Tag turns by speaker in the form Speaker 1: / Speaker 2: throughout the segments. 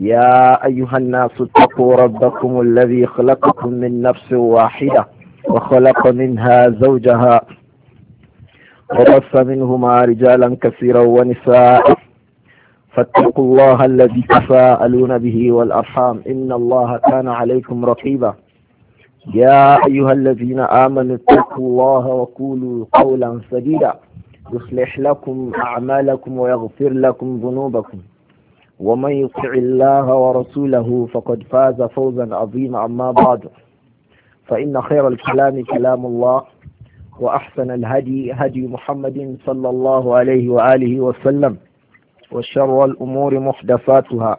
Speaker 1: يا أيها الناس اتقوا ربكم الذي خلقكم من نفس واحدة وخلق منها زوجها وبث منهما رجالا كثيرا ونساء فاتقوا الله الذي تساءلون به والأرحام إن الله كان عليكم رقيبا يا أيها الذين آمنوا اتقوا الله وقولوا قولا سديدا يصلح لكم أعمالكم ويغفر لكم ذنوبكم ومن يطع الله ورسوله فقد فاز فوزا عظيما أما بعد فإن خير الكلام كلام الله وأحسن الهدي هدي محمد صلى الله عليه وآله وسلم وشر الأمور محدثاتها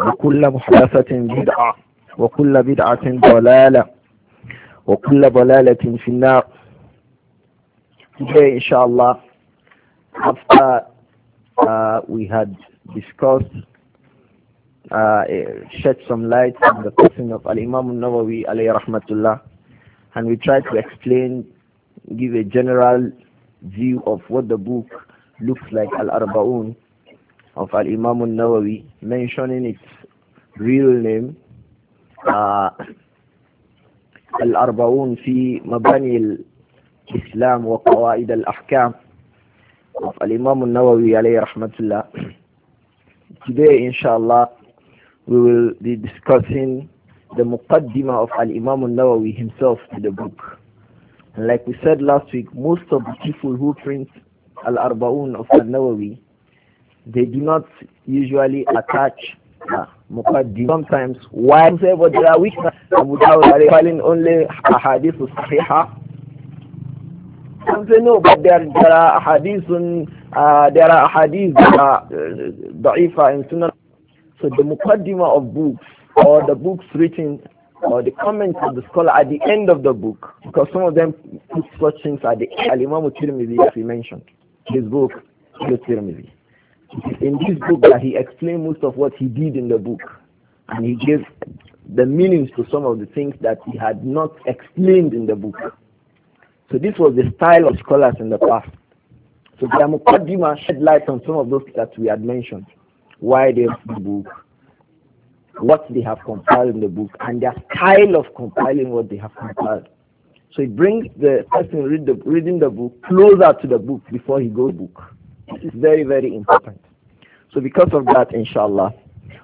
Speaker 1: وكل محدثة بدعة وكل بدعة ضلالة وكل ضلالة في النار Today, inshallah, after uh, we had discussed, uh, eh, shed some light on the person of Al-Imam nawawi alayhi rahmatullah and we tried to explain, give a general view of what the book looks like Al-Arba'un of Al-Imam nawawi mentioning its real name, uh, الأربعون في مباني الإسلام وقواعد الأحكام الإمام النووي عليه رحمة الله Today, inshallah, we will be discussing the Muqaddimah of Al-Imam al-Nawawi himself to the book. And like we said last week, most of the people who print Al-Arba'un of Al-Nawawi, they do not usually attach uh, Sometimes, why Because there are weaknesses, Abu Dawud, only some say no, but there, there are hadiths uh, there are hadiths that are uh, da'ifa and sunnah. So the muqaddima of books or the books written or the comments of the scholar at the end of the book, because some of them put such things at the end. imam al-Tirmidhi, as we mentioned, his book, al-Tirmidhi. In this book that he explained most of what he did in the book, and he gave the meanings to some of the things that he had not explained in the book. So this was the style of scholars in the past. So the Muqaddimah shed light on some of those that we had mentioned. Why they wrote the book, what they have compiled in the book, and their style of compiling what they have compiled. So it brings the person read the, reading the book closer to the book before he goes book. This is very, very important. So because of that, inshallah,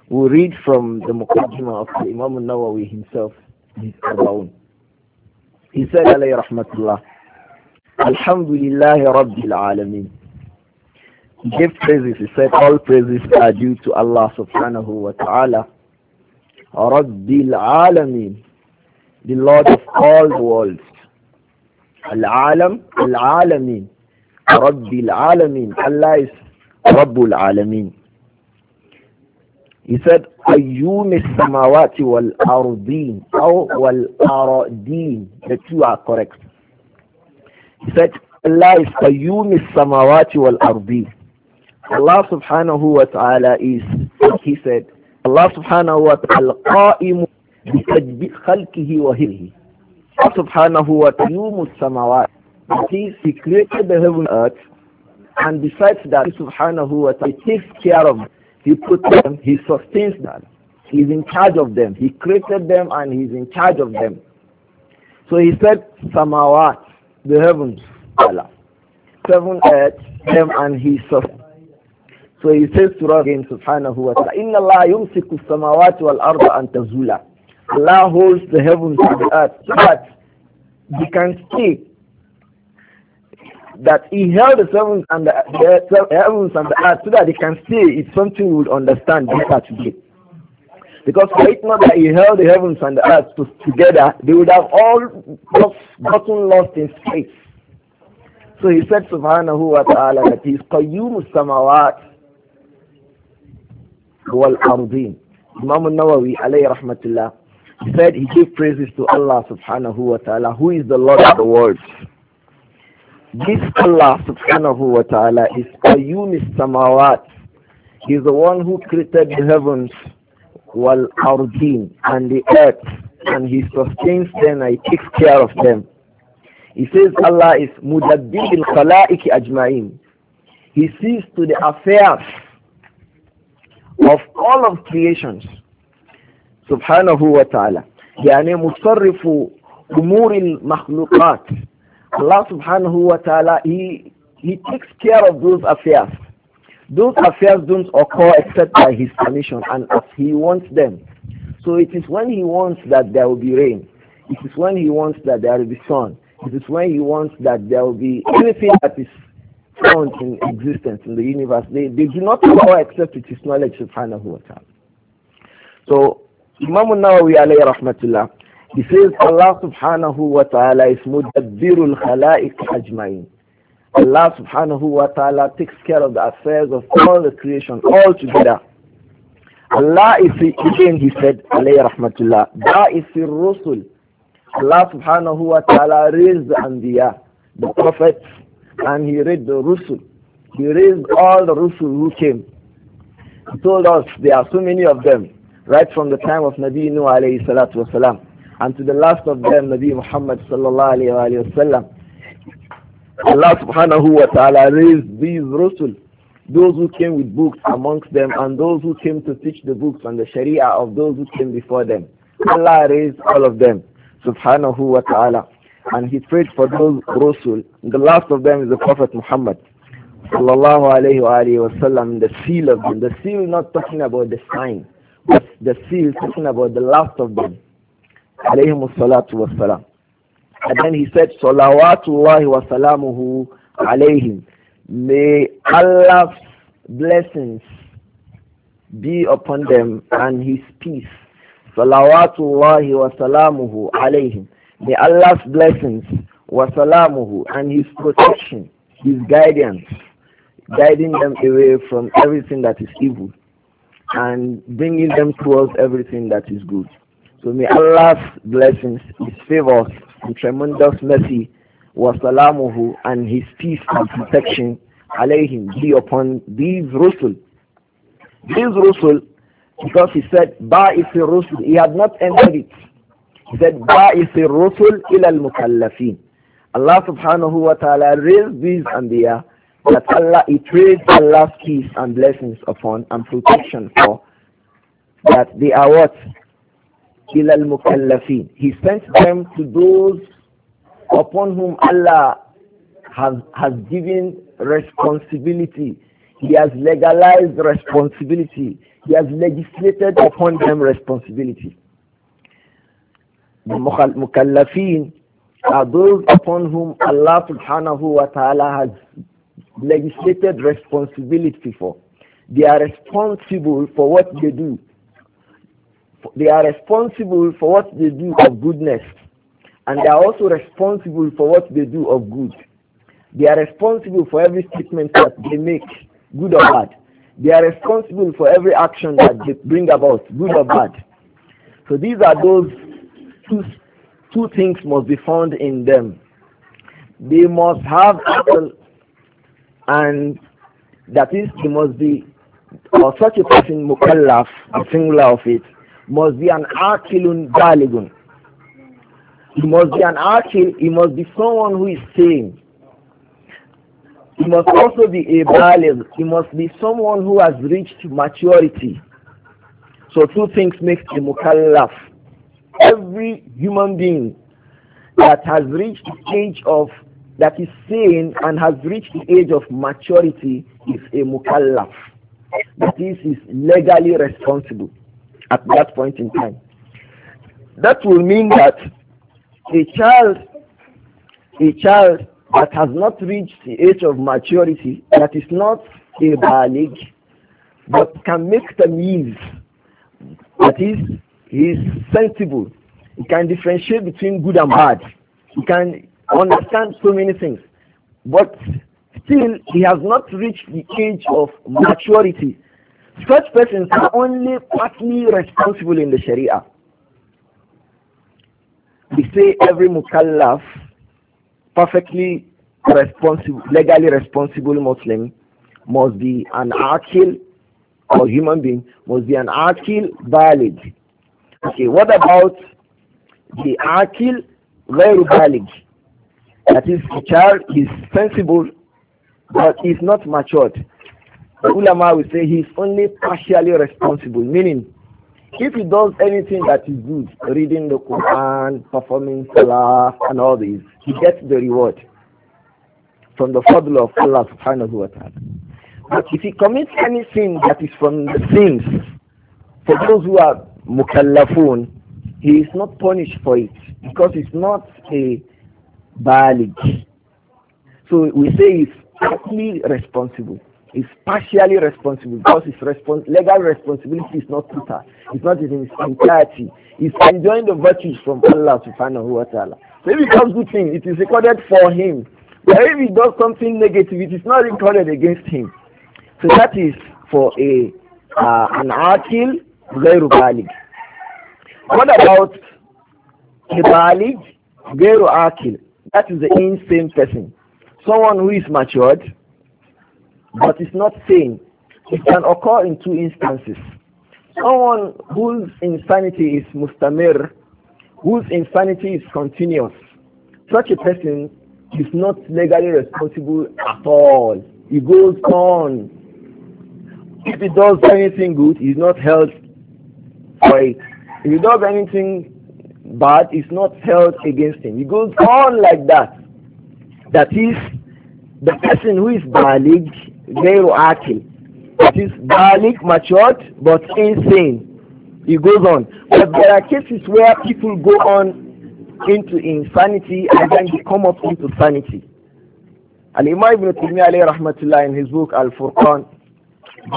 Speaker 1: we'll read from the Muqaddimah of Imam al-Nawawi himself, his own. He said, alayhi rahmatullah, Alhamdulillah Rabbil Alameen. He gave praises. He said, all praises are due to Allah subhanahu wa ta'ala. Rabbil Alameen. The Lord of all the worlds. Al-Alam, Al-Alameen. Rabbil Alameen. Allah is Rabbul Alameen. He said, Ayyum is samawati wal ardeen. Or wal ardeen. The two are correct. He said, Allah is qayyum samawati wal ardi. Allah subhanahu wa ta'ala is, he said, Allah subhanahu wa ta'ala qa'im bi khalqihi wa hirhi. Allah subhanahu wa ta'ala samawati. That is, he created the heaven and earth and besides that, subhanahu wa ta'ala, takes care of them. He puts them, he sustains them. He's in charge of them. He created them and he's in charge of them. So he said, Samawat the heavens, Allah. Seven earth, him and his sustenance. So he says to us again, subhanahu wa ta'ala, Inna Allah yumsiku samawati wal arda an tazula. Allah holds the heavens and the earth so that we can see that he held the heavens and the, the heavens and the earth so that he can see it's something would understand better today. Because right now that he held the heavens and the earth to, together, they would have all gotten lost in space. So he said, Subhanahu wa ta'ala, that he is Qayyum samawat wal ardeen. Imam al-Nawawi, alayhi rahmatullah, he said he gave praises to Allah subhanahu wa ta'ala, who is the Lord of the worlds. This Allah subhanahu wa ta'ala is Qayyum samawat. He is the one who created the heavens wal ardin and the earth and he sustains them and he takes care of them. He says Allah is mudabbir al khala'iki ajma'in. He sees to the affairs of all of creations. Subhanahu wa ta'ala. يعني مصرف أمور makhluqat. Allah subhanahu wa ta'ala, he, he takes care of those affairs. Those affairs don't occur except by his permission and as he wants them. So it is when he wants that there will be rain. It is when he wants that there will be sun. It is when he wants that there will be anything that is found in existence in the universe. They, they do not occur except with his knowledge subhanahu wa ta'ala. So Imam Nawawi alayhi rahmatullah, he says Allah subhanahu wa ta'ala is mudabbirul khalaiq ajma'in. Allah subhanahu wa ta'ala takes care of the affairs of all the creation all together. Allah is the again he said alayhi rahmatullah Da is rusul Allah subhanahu wa ta'ala raised the Anbiya, the prophets, and he raised the Rusul. He raised all the Rusul who came. He told us there are so many of them, right from the time of Nabi Nuh alayhi salatu wasalam, and to the last of them, Nabi Muhammad sallallahu alayhi wa sallam. Allah subhanahu wa ta'ala raised these Rasul, those who came with books amongst them and those who came to teach the books and the Sharia of those who came before them. Allah raised all of them, subhanahu wa ta'ala. And he prayed for those Rasul. The last of them is the Prophet Muhammad sallallahu alayhi wa alayhi the seal of them. The seal not talking about the sign, but the seal talking about the last of them. Alayhimu salatu Salam. And then he said, Salawatullahi wa salamuhu alayhim. May Allah's blessings be upon them and his peace. Salawatullahi wa salamuhu alayhim. May Allah's blessings wa salamuhu and his protection, his guidance, guiding them away from everything that is evil and bringing them towards everything that is good. So may Allah's blessings, his favors, and tremendous mercy was wasalamuhu and his peace and protection alayhim be upon these rusul. These rusul, because he said, Ba the rusul, he had not entered it. He said, the rusul ila al-mukallafin. Allah subhanahu wa ta'ala raised these anbiya that Allah, it raised Allah's peace and blessings upon and protection for that they are what? إِلَى Mukallafin. He sent them to those upon whom Allah has, has given responsibility. He has legalized responsibility. He has legislated upon them responsibility. The mukallafin are those upon whom Allah subhanahu wa ta'ala has legislated responsibility for. They are responsible for what they do they are responsible for what they do of goodness and they are also responsible for what they do of good. They are responsible for every statement that they make, good or bad. They are responsible for every action that they bring about, good or bad. So these are those two, two things must be found in them. They must have people and that is, they must be, or such a person, mukallaf, a singular of it, must be an akilun baligun. He must be an akil, he must be someone who is sane. He must also be a baligh, he must be someone who has reached maturity. So two things make a mukallaf. Every human being that has reached the age of, that is sane and has reached the age of maturity is a mukallaf. That is, is legally responsible at that point in time. That will mean that a child, a child that has not reached the age of maturity, that is not a balig, but can make the means, that is, he is sensible. He can differentiate between good and bad. He can understand so many things. But still, he has not reached the age of maturity such persons are only partly responsible in the Sharia. We say every mukallaf, perfectly responsible, legally responsible Muslim, must be an akil or human being, must be an akil valid. Okay, what about the akil very valid? That is, a child is sensible but is not matured. The ulama will say he's only partially responsible, meaning if he does anything that is good, reading the Quran, performing Salah and all these, he gets the reward from the fadl of Allah subhanahu wa ta'ala. But if he commits any sin that is from the sins, for those who are mukallafun, he is not punished for it because it's not a balig. So we say he's partly responsible is partially responsible because his respons- legal responsibility is not total. It's not in its entirety. He's enjoying the virtues from Allah to subhanahu what Allah. So if he does good thing, it is recorded for him. But if he does something negative, it is not recorded against him. So that is for a uh, an akil غير balig. What about a balig غير akil? That is the insane person. Someone who is matured, but it's not sane. It can occur in two instances. Someone whose insanity is mustamir, whose insanity is continuous, such a person is not legally responsible at all. He goes on. If he does anything good, he's not held for it. If he does anything bad, it's not held against him. He goes on like that. That is, the person who is balig غير عاقل It is balik matured but insane he goes on but there are cases where people go on into insanity and then they come up into sanity And imam Ibn Taymiyyah alayhi rahmatullah in his book Al-Furqan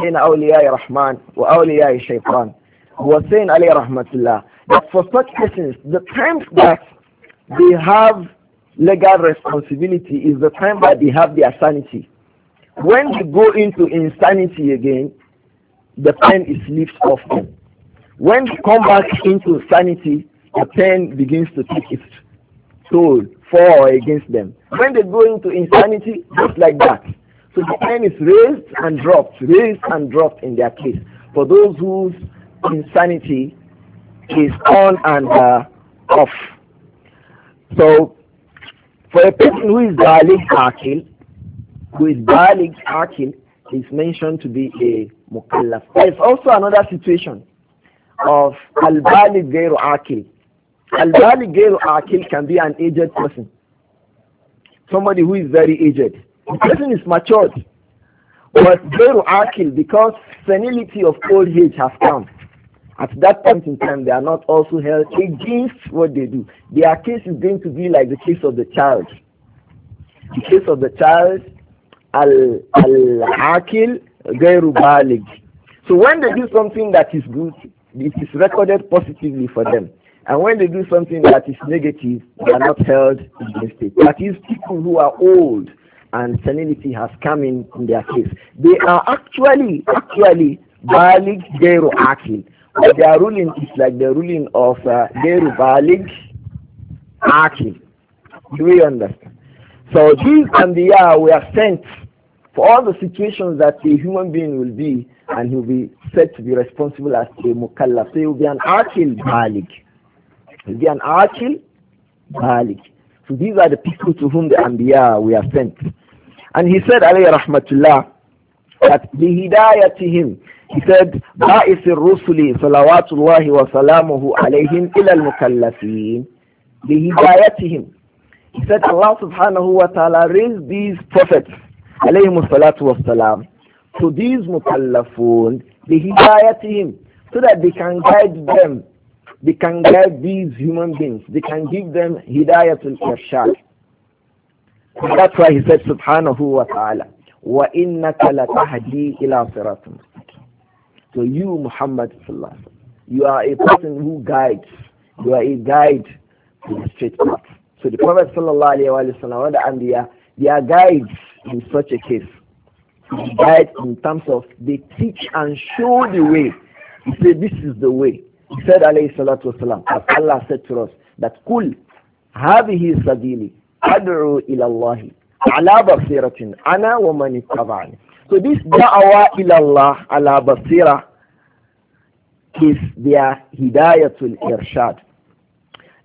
Speaker 1: بين أولياء الرحمن وأولياء الشيطان was saying alayhi rahmatullah that for such persons the times that they have legal responsibility is the time that they have their sanity when they go into insanity again, the pain is lifted off them. When they come back into sanity, the pain begins to take its toll for or against them. When they go into insanity, just like that. So the pain is raised and dropped, raised and dropped in their case. For those whose insanity is on and uh, off. So for a person who is valid akil, who is balig akil is mentioned to be a mukallaf. There is also another situation of al-balig gairu akil. Al-balig gairu akil can be an aged person, somebody who is very aged. The person is matured, but gairu akil because senility of old age has come. At that point in time, they are not also held against what they do. Their case is going to be like the case of the child. The case of the child al-akil gairu balig. So when they do something that is good, it is recorded positively for them. And when they do something that is negative, they are not held against it. That is, people who are old and senility has come in, in their case. They are actually, actually, balig gairu akil. But their ruling is like the ruling of uh, balig akil. Do we understand? So these Anbiya were sent for all the situations that a human being will be and he'll be said to be responsible as a mukallaf. So he'll be an akil balik. He'll be an akil balik. So these are the people to whom the Anbiya were sent. And he said, alayhi rahmatullah, that the to him, he said, Salawatullahi بَائِثِ الرُّسُلِ صَلَوَاتُ اللَّهِ Mukallafin, the Hidayah to him. He said Allah subhanahu wa ta'ala raised these prophets alayhi salatu wa salam to these mukallafun him, so that they can guide them they can guide these human beings they can give them hidayatul irshad that's why he said subhanahu wa ta'ala wa innaka latahdi ila siratun so you muhammad sallallahu you are a person who guides you are a guide to the straight path so the Prophet sallallahu alaihi wasallam and the their guides in such a case. Guides in terms of they teach and show the way. He said, This is the way. He said Allah said to us that kul have his ad'u ila ilallah, ala basiratin ana wa man So this da'awa ila Allah ala basira is their hidayah hidayatul irshad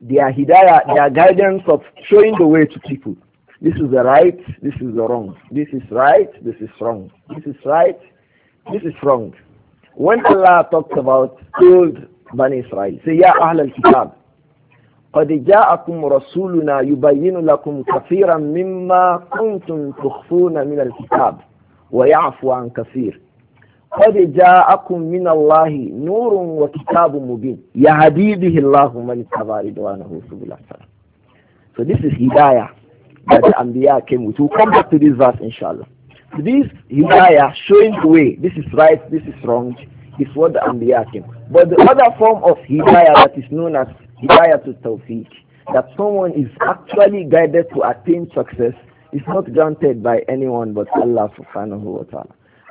Speaker 1: their hidayah, their guidance of showing the way to people. This is the right, this is the wrong. This is right, this is wrong. This is right, this is wrong. When Allah talks about old Bani Israel, say, Ya Ahl al-Kitab, قد جاءكم رسولنا يبين لكم كثيرا مما كنتم تخفون من الكتاب ويعفو عن كثير قد جاءكم من الله نور وكتاب مبين يهدي به الله من اتبع رضوانه سبل السلام So this is hidayah that the Anbiya came with. We'll come back to this verse inshallah. This hidayah showing the way, this is right, this is wrong, is what the Anbiya came. But the other form of hidayah that is known as hidayah to tawfiq, that someone is actually guided to attain success, is not granted by anyone but Allah subhanahu wa ta'ala.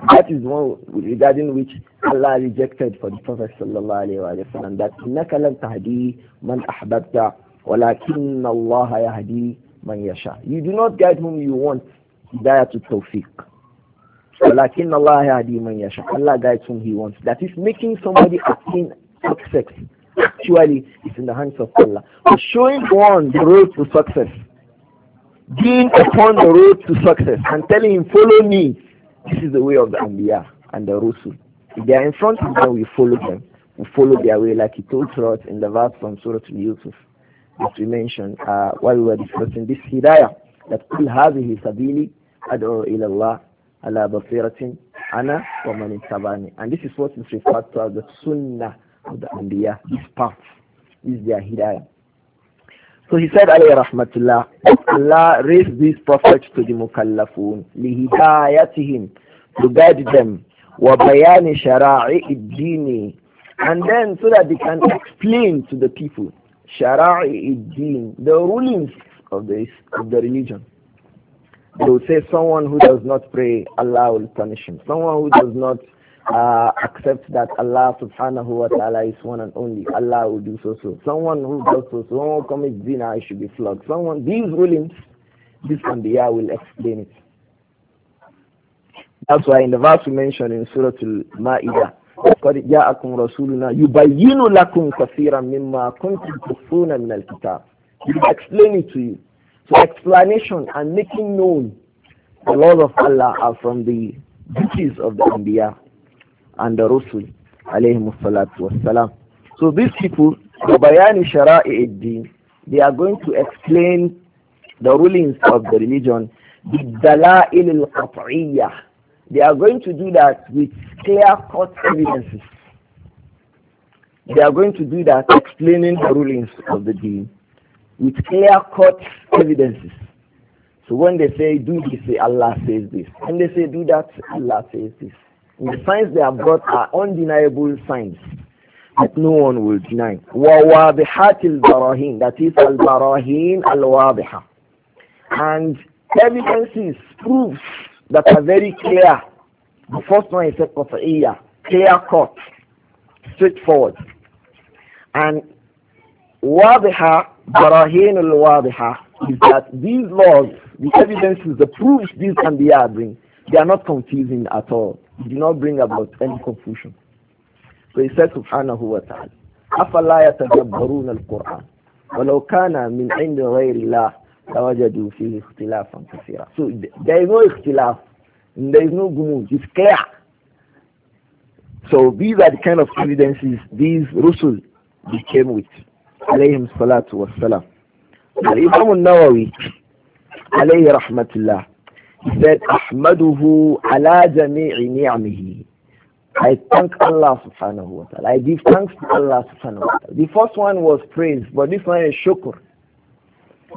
Speaker 1: That is one regarding which Allah rejected for the Prophet sallallahu alaihi wasallam that innaka lan tahdi man ahbabta ولكن الله يهدي من yasha. You do not guide whom you want. Hidayah to tawfiq. ولكن Allah يهدي من yasha. Allah guides whom he wants. That is making somebody attain success. Actually, it's in the hands of Allah. So showing one the road to success. Being upon the road to success and telling him, follow me this is the way of the Anbiya and the Rusul. If they are in front of them, we follow them. We follow their way like he told us in the verse from Surah Yusuf that we mentioned uh, while we were discussing this hidayah that قل هذه سبيلي أدعو Allah الله على بصيرة ana ومن اتبعني and this is what is referred to as the sunnah of the Anbiya this path is their hidayah so he said alayhi rahmatullah Allah raised these prophets to the mukallafun لهدايتهم to guide them. وَبَيَانِ شَرَاعِ الدِّينِ And then so that they can explain to the people شَرَاعِ الدِّينِ The rulings of the, of the religion. They will say someone who does not pray, Allah will punish him. Someone who does not uh, accept that Allah subhanahu wa ta'ala is one and only. Allah will do so so. Someone who does so so, someone commits zina, I should be flogged. Someone, these rulings, this I will explain it. That's why in the verse we mentioned in Surah Al-Ma'idah, قد جاءكم رسولنا يبين لكم كثيرا مما كنتم تخفون من الكتاب. He explain it to you. So explanation and making known the laws of Allah are from the duties of the Anbiya and the Rasul alayhi salatu wassalam. So these people, the Bayani Shara'i they are going to explain the rulings of the religion, the Dala'il al they are going to do that with clear-cut evidences. They are going to do that explaining the rulings of the deen with clear-cut evidences. So when they say do this, say Allah says this. When they say do that, Allah says this. And the signs they have got are undeniable signs that no one will deny. ووابحات barahin الْبَرَاهِينَ That is al-barahin al-wabiha. And evidences, proofs that are very clear. The first one is a qat'iyya, clear cut, straightforward. And wadiha, barahin al-wadiha, is that these laws, the evidences, the proofs these and be are bring, they are not confusing at all. They do not bring about any confusion. So he says, subhanahu wa ta'ala, أَفَلَا يَتَدَبَّرُونَ الْقُرْآنَ وَلَوْ كَانَ مِنْ عِنْدِ غَيْرِ اللَّهِ لوجدوا فيه اختلافا كثيرا so there is no اختلاف there is no جمود. it's clear so these are the kind of evidences these رسل they came with عليهم الصلاة والسلام الإمام النووي عليه رحمة الله he said أحمده على جميع نعمه I thank Allah subhanahu wa ta'ala. I give thanks to Allah subhanahu wa ta'ala. The first one was praise, but this one is shukr.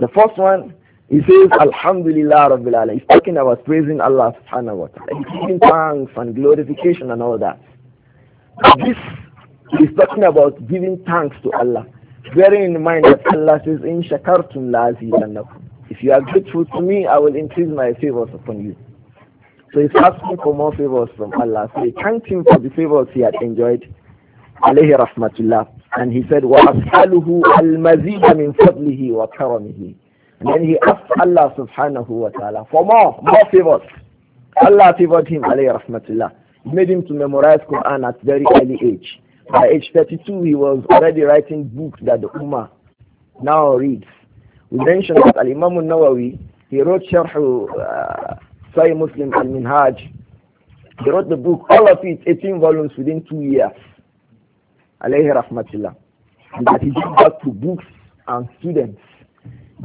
Speaker 1: The first one, he says, Alhamdulillah Rabbil Alam. He's talking about praising Allah subhanahu wa ta'ala. He's giving thanks and glorification and all that. this is talking about giving thanks to Allah. Bearing in mind that Allah says, In shakartum If you are grateful to me, I will increase my favors upon you. So he's asking for more favors from Allah. So he thanked him for the favors he had enjoyed. Alayhi rahmatullah. And he said, وَأَسْأَلُهُ الْمَزِيدَ مِنْ فَضْلِهِ وَكَرَمِهِ And then he asked Allah subhanahu wa ta'ala for more, more favors. Allah favored him, alayhi rahmatullah. He made him to memorize Quran at very early age. By age 32, he was already writing books that the Ummah now reads. We mentioned that Al-Imam al-Nawawi, he wrote Sharh uh, Sahih Muslim al-Minhaj. He wrote the book, all of it, 18 volumes within two years alayhi rahmatullah, that he gave back to books and students.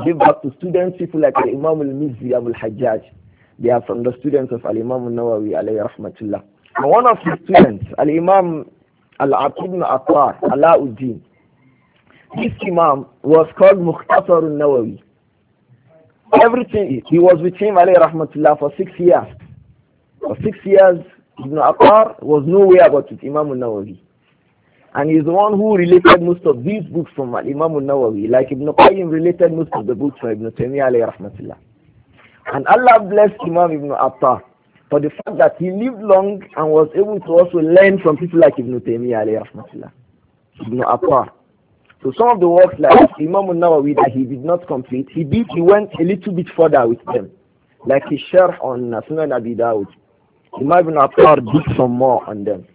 Speaker 1: Gave back to students, people like Imam al-Mizzi Abu al-Hajjaj. They are from the students of al-Imam al-Nawawi alayhi rahmatullah. And one of his students, al-Imam al-Aqib al-Attar, Alauddin, this Imam was called Mukhtasar al-Nawawi. Everything, he was with him alayhi rahmatullah for six years. For six years, Ibn Attar was nowhere but with Imam al-Nawawi. And he's the one who related most of these books from Imam al-Nawawi. Like Ibn Qayyim related most of the books from Ibn Taymiyyah alayhi rahmatullah. And Allah blessed Imam Ibn Atta for the fact that he lived long and was able to also learn from people like Ibn Taymiyyah alayhi rahmatullah. Ibn Atta. So some of the works like Imam al-Nawawi that he did not complete, he did, he went a little bit further with them. Like his sharh on Sunan Abi Dawud. Imam Ibn Attar did some more on them.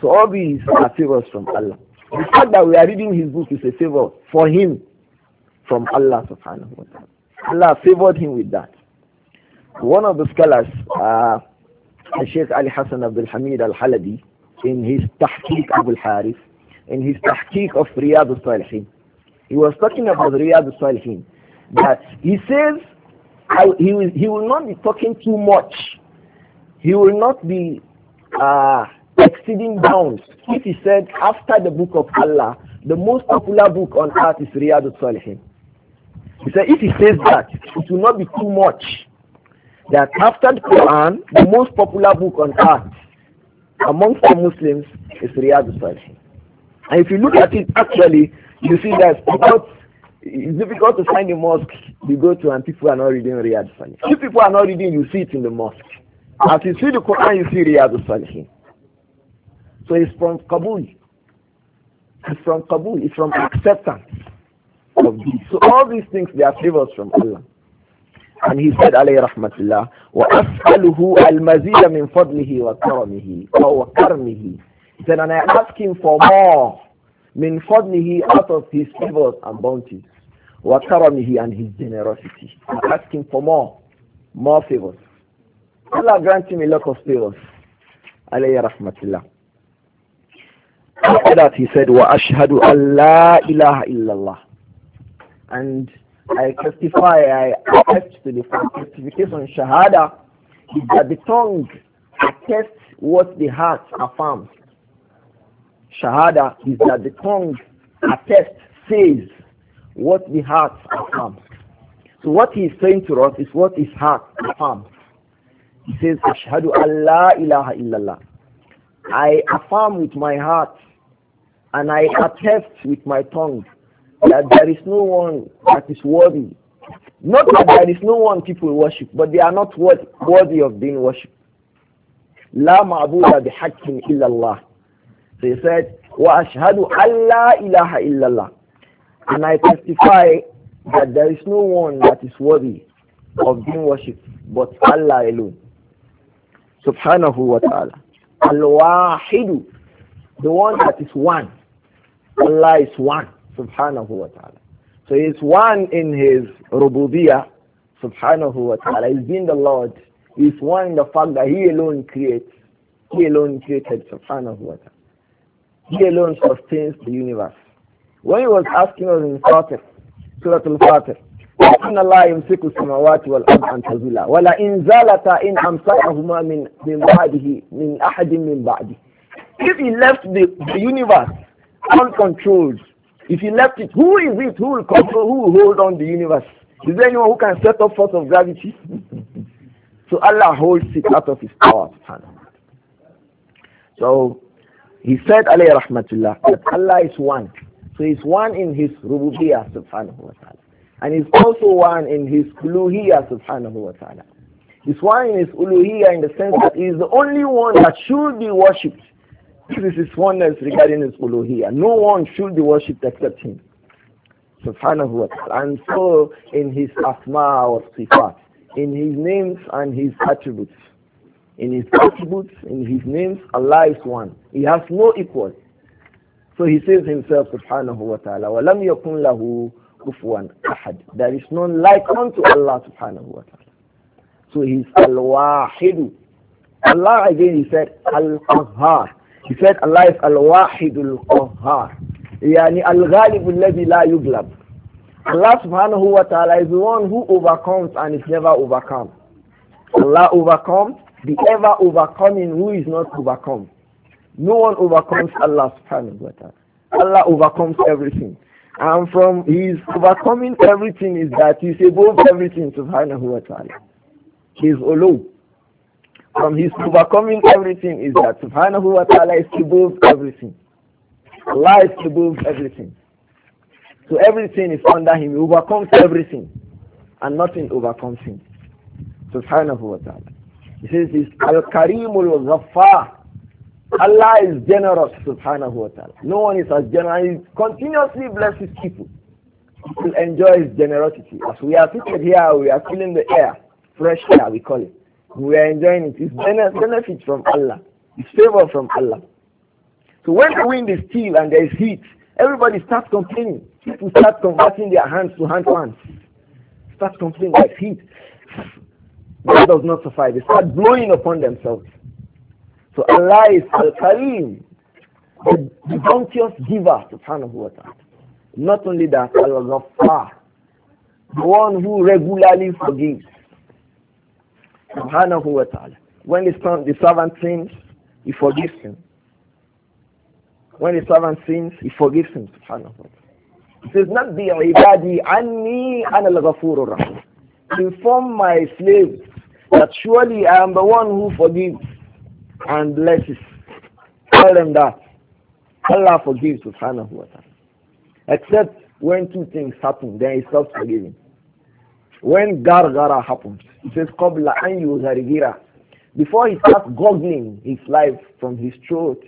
Speaker 1: So all these are favors from Allah. The fact that we are reading his book is a favor for him from Allah subhanahu wa ta'ala. Allah favored him with that. One of the scholars, uh, Sheikh Ali Hassan Abdul Hamid Al-Halabi, in his Tahqiq Abu Harif, in his Tahqiq of Riyadh salihin he was talking about Riyadh salihin that he says he, will, he will not be talking too much. He will not be uh, exceeding bounds. If he said after the book of Allah, the most popular book on earth is Riyadh Salihin. He said if he says that, it will not be too much. That after the Quran, the most popular book on earth amongst the Muslims is Riyadh Salihin. And if you look at it actually, you see that about it's difficult to find a mosque you go to and people are not reading Riyadh Salihin. If people are not reading, you see it in the mosque. As you see the Quran, you see Riyadh Salihin. So it's from Kabul. It's from Kabul. It's from acceptance of this. So all these things, they are favors from Allah. And he said, alayhi rahmatullah, وَأَسْأَلُهُ الْمَزِيدَ مِنْ فَضْلِهِ وَكَرْمِهِ أو وَكَرْمِهِ He said, and I ask him for more Min فَضْلِهِ out of his favors and bounties. وَكَرْمِهِ and his generosity. I ask him for more, more favors. Allah grant him a lot of favors. Alayhi rahmatullah. After that, he said, Wa ashhadu Allah ilaha illallah. And I testify, I attest to the certification shahada is that the tongue attests what the heart affirms. Shahada is that the tongue attests, says what the heart affirms. So what he is saying to us is what his heart affirms. He says, Ashhadu Allah ilaha illallah. I affirm with my heart and I attest with my tongue that there is no one that is worthy. Not that there is no one people worship, but they are not worth, worthy of being worshipped. لا معبود بحق إلا الله. So he said, وأشهد And I testify that there is no one that is worthy of being worshipped but Allah alone. Subhanahu wa ta'ala. Al-Wahidu, the one that is one. Allah is one, subhanahu wa ta'ala. So He is one in His rububiya, subhanahu wa ta'ala. He's been the Lord. He's one in the fact that He alone creates. He alone created, subhanahu wa ta'ala. He alone sustains the universe. When He was asking us in Fatih, Surah Al-Fatih, إن الله يمسك السماوات والأرض أن تزولا ولئن زالتا إن أمسكهما من من بعده من أحد من بعده. If he left the, the universe uncontrolled. If you left it, who is it who will control, who will hold on the universe? Is there anyone who can set up force of gravity? so Allah holds it out of his power. So he said, alayhi rahmatullah, that Allah is one. So he's one in his rububiyyah subhanahu wa ta'ala. And he's also one in his uluhiyyah subhanahu wa ta'ala. He's one in his uluhiyyah in the sense that he is the only one that should be worshipped. This is oneness regarding his uluhiyya. No one should be worshipped except him. Subhanahu wa ta'ala. And so in his asma or sifat, in his names and his attributes. In his attributes, in his names, Allah is one. He has no equal. So he says himself, subhanahu wa ta'ala, وَلَمْ يَكُنْ لَهُ كُفُوًا أَحَدٍ There is none like unto Allah subhanahu wa ta'ala. So he's al-wahidu. Allah again, he said, al-qahhar. He said Allah is Al-Wahidul Qahhar. Yani Al-Ghalibul Ladhi La Yuglab. Allah subhanahu wa ta'ala is the one who overcomes and is never overcome. Allah overcomes, the ever overcoming who is not overcome. No one overcomes Allah subhanahu wa ta'ala. Allah overcomes everything. And from his overcoming everything is that he's above everything subhanahu wa ta'ala. He's alone from his overcoming everything is that subhanahu wa ta'ala is above everything. Allah is above everything. So everything is under him. He overcomes everything. And nothing overcomes him. Subhanahu wa ta'ala. He says this Al-Karimul Ghaffar. Allah is generous, subhanahu wa ta'ala. No one is as generous. He continuously blesses people. He enjoy his generosity. As we are seated here, we are feeling the air. Fresh air, we call it. We are enjoying it. It's benefit from Allah. It's favor from Allah. So when the wind is still and there is heat, everybody starts complaining. People start converting their hands to hand fans. Start complaining like heat. That does not suffice. They start blowing upon themselves. So Allah is Al-Karim, the, the bounteous giver, subhanahu wa ta'ala. Not only that, al is the one who regularly forgives. Subhanahu wa ta'ala. When the, son, the servant sins, he forgives him. When the servant sins, he forgives him. Subhanahu wa ta'ala. He says, Inform my slaves that surely I am the one who forgives and blesses. Tell them that. Allah forgives subhanahu wa ta'ala. Except when two things happen, then he stops forgiving. When gargara happens, he says, Qabla an yuzarigira. Before he starts goggling his life from his throat,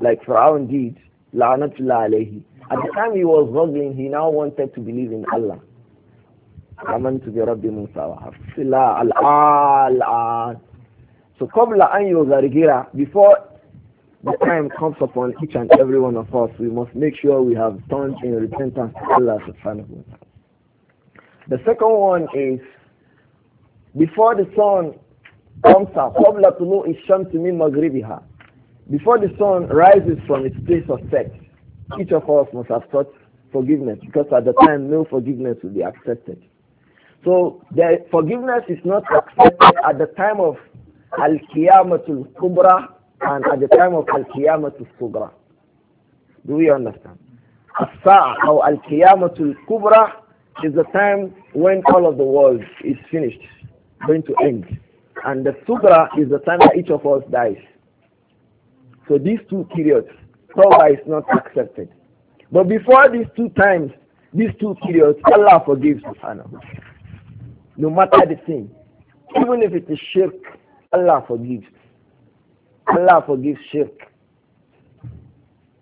Speaker 1: like Pharaoh did, la'anatullah alayhi. At the time he was goggling, he now wanted to believe in Allah. آمنت برب موسى وعفص لا So قبل أن يغرغر before the time comes upon each and every one of us, we must make sure we have turned in repentance to Allah subhanahu wa ta'ala. The second one is before the sun comes up, قبل طلوع الشمس من before the sun rises from its place of set, each of us must have sought forgiveness because at the time no forgiveness will be accepted. So the forgiveness is not accepted at the time of Al-Qiyamatul Kubra and at the time of Al-Qiyamatul Kubra. Do we understand? as or Al-Qiyamatul Kubra is the time when all of the world is finished going to end. And the sugra is the time that each of us dies. So these two periods, tawbah is not accepted. But before these two times, these two periods, Allah forgives subhanahu. No matter the sin. Even if it is shirk, Allah forgives. Allah forgives shirk.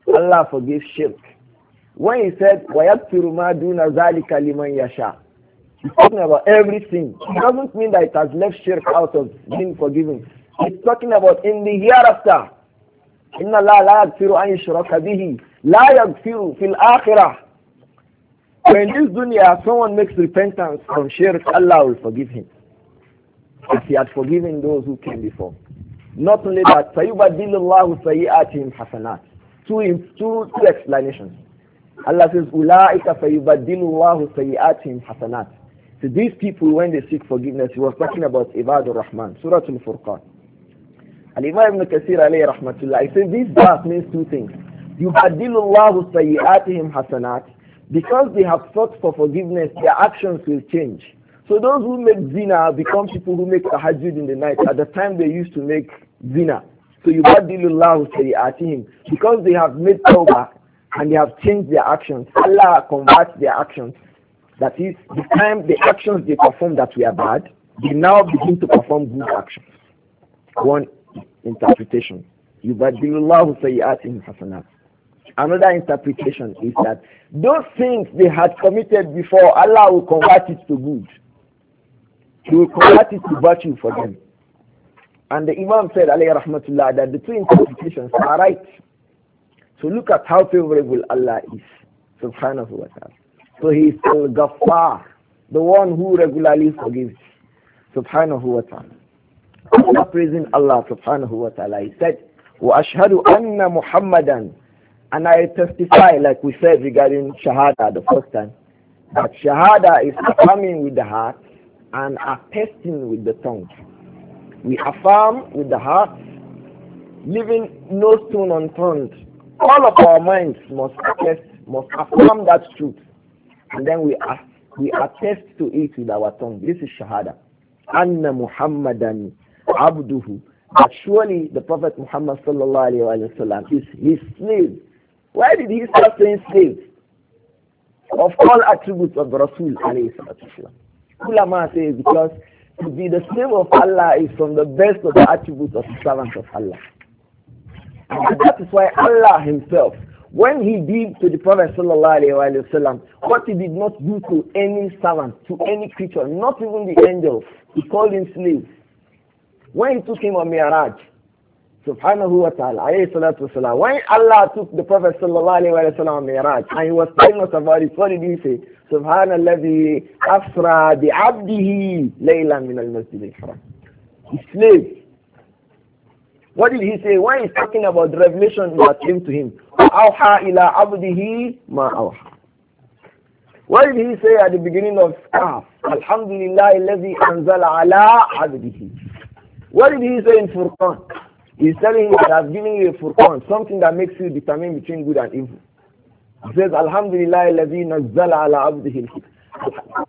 Speaker 1: Allah forgives shirk. When he said, وَيَكْفِرُ مَا دُونَ ذَلِكَ لِمَنْ يَشَاءُ He's talking about everything. It doesn't mean that it has left shirk out of being forgiven. He's talking about in the hereafter. in الله لا fil أن يشرك به لا يغفر في When this dunya, someone makes repentance from shirk, Allah will forgive him. If he had forgiven those who came before. Not only that, فَيُبَدِّلُ اللَّهُ سَيِّئَاتِهِمْ حَسَنَاتٍ Two, two, two explanations. Allah says, أُولَٰئِكَ فَيُبَدِّلُ اللَّهُ سَيِّئَاتِهِمْ حَسَنَاتٍ so these people, when they seek forgiveness, he was talking about Ibadur Rahman, Surah Al-Furqan. Al-Imam ibn Kathir alayhi rahmatullah, he said this verse means two things. يُبَدِّلُ اللَّهُ سَيِّئَاتِهِمْ حَسَنَاتِ Because they have sought for forgiveness, their actions will change. So those who make zina become people who make tahajjud in the night at the time they used to make zina. So يُبَدِّلُ اللَّهُ سَيِّئَاتِهِمْ Because they have made tawbah and they have changed their actions, Allah converts their actions that is, the time the actions they perform that were bad, they now begin to perform good actions. One interpretation. Yubadilullahu sayyatin hasanat. Another interpretation is that those things they had committed before, Allah will convert it to good. He will convert it to virtue for them. And the Imam said, alayhi rahmatullah, that the two interpretations are right. So look at how favorable Allah is, subhanahu wa ta'ala. So he is the Ghaffar, the one who regularly forgives. Subhanahu wa ta'ala. praising Allah subhanahu wa ta'ala, he said, وَأَشْهَدُ أَنَّ مُحَمَّدًا And I testify, like we said regarding Shahada the first time, that Shahada is affirming with the heart and attesting with the tongue. We affirm with the heart, leaving no stone unturned. All of our minds must attest, must affirm that truth and then we ask, we attest to it with our tongue. This is shahada. Anna Muhammadan abduhu. But surely the Prophet Muhammad sallallahu alayhi wa sallam is his slave. Why did he start saying slave? Of all attributes of Rasul alayhi sallam. Ulama says because to be the slave of Allah is from the best of the attributes of the servants of Allah. And that is why Allah himself when he did to the Prophet wasallam, what he did not do to any servant, to any creature, not even the angels, he called him slave. When he took him on Mi'raj, subhanahu wa ta'ala, alayhi when Allah took the Prophet wasallam on Mi'raj, and he was telling us about it, what did he say? Subhanallah, asra bi abdihi layla min al-masjid al-haram. He slave what did he say? Why he's talking about the revelation that came to him. ila abdihi ma What did he say at the beginning of Kahf? Alhamdulillah الذي أنزل ala abdihi. What did he say in Furqan? He's telling you that I've given you a Furqan, something that makes you determine between good and evil. He says, Alhamdulillah الذي نزل ala abdihi.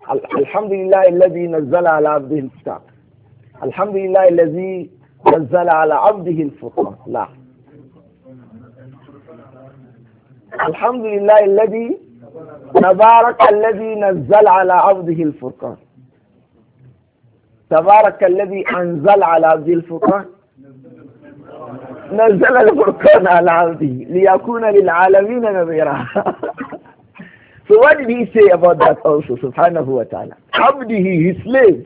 Speaker 1: Alhamdulillah الذي نزل ala abdihi الكتاب. Alhamdulillah الذي نزل على عبده الفطرة لا الحمد لله الذي تبارك الذي نزل على عبده الفرقان تبارك الذي أنزل على عبده الفرقان نزل الفرقان على عبده ليكون للعالمين نظيرا So what did he say about that also, subhanahu wa ta'ala? Abdihi, his slave.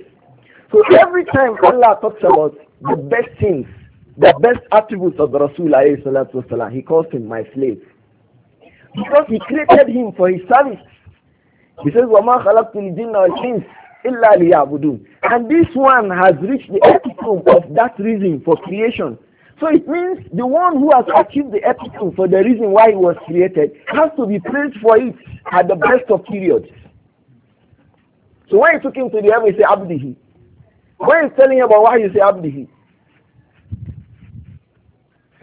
Speaker 1: So every time Allah talks about the best things, the best attributes of the Rasul he calls him my slave. Because he created him for his service. He says, وَمَا خَلَقْتُ الْجِنَّ وَالْإِنسِ إِلَّا لِيَعْبُدُونَ And this one has reached the epitome of that reason for creation. So it means the one who has achieved the epitome for the reason why he was created has to be praised for it at the best of periods. So when he took him to the heaven, he said, Abdihi. When he's telling you about why you say Abdihi,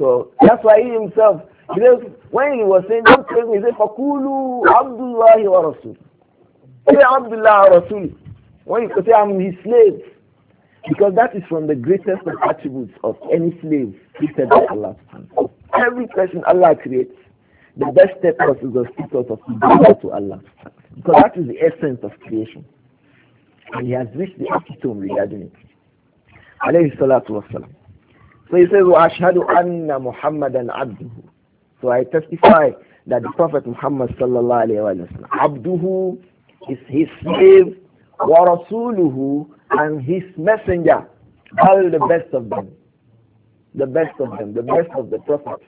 Speaker 1: so that's why he himself, because when he was saying, he said, Fakulu Abdullah wa Rasul. Say Abdullah wa Rasul. When you say, I'm his slave. Because that is from the greatest of attributes of any slave He that last Allah. Every person Allah creates, the best status is the out of ibadah to Allah. Because that is the essence of creation. And he has reached the epitome regarding it. Alayhi salatu salam. So he says, وَأَشْهَدُ أَنَّ مُحَمَّدًا عَبْدُهُ So I testify that the Prophet Muhammad صلى alayhi wa sallam, عَبْدُهُ is his slave, وَرَسُولُهُ and his messenger, all the best of them. The best of them, the best of the prophets.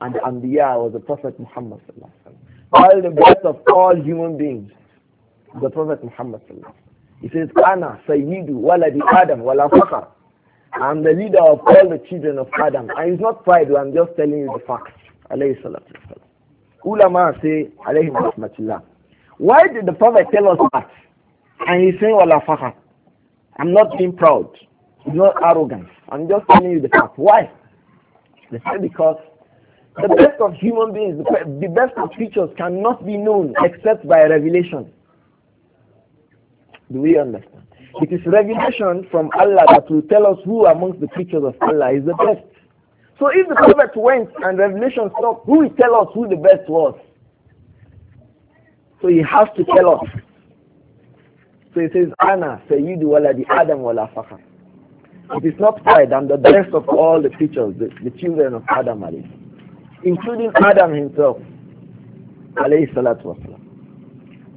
Speaker 1: And the Anbiya was the Prophet Muhammad صلى الله عليه وسلم. All the best of all human beings, the Prophet Muhammad صلى الله عليه وسلم. He says, أَنَا سَيِّدُ وَلَدِ آدَمْ وَلَا فَقَرَ I'm the leader of all the children of Adam. And it's not pride, I'm just telling you the facts. Alayhi salatu Ulama say, alayhi rahmatullah. Why did the Prophet tell us that? And he's saying, wala I'm not being proud. It's not arrogance. I'm just telling you the facts. Why? They say because the best of human beings, the best of creatures cannot be known except by revelation. Do we understand? It is revelation from Allah that will tell us who amongst the creatures of Allah is the best. So if the prophet went and revelation stopped, who will tell us who the best was? So he has to tell us. So he says, Anna, Sayyidu wala di Adam wala fakhar. It is not I, I'm the best of all the creatures, the, the children of Adam, alayhi, including Adam himself, alayhi salatu wasalam.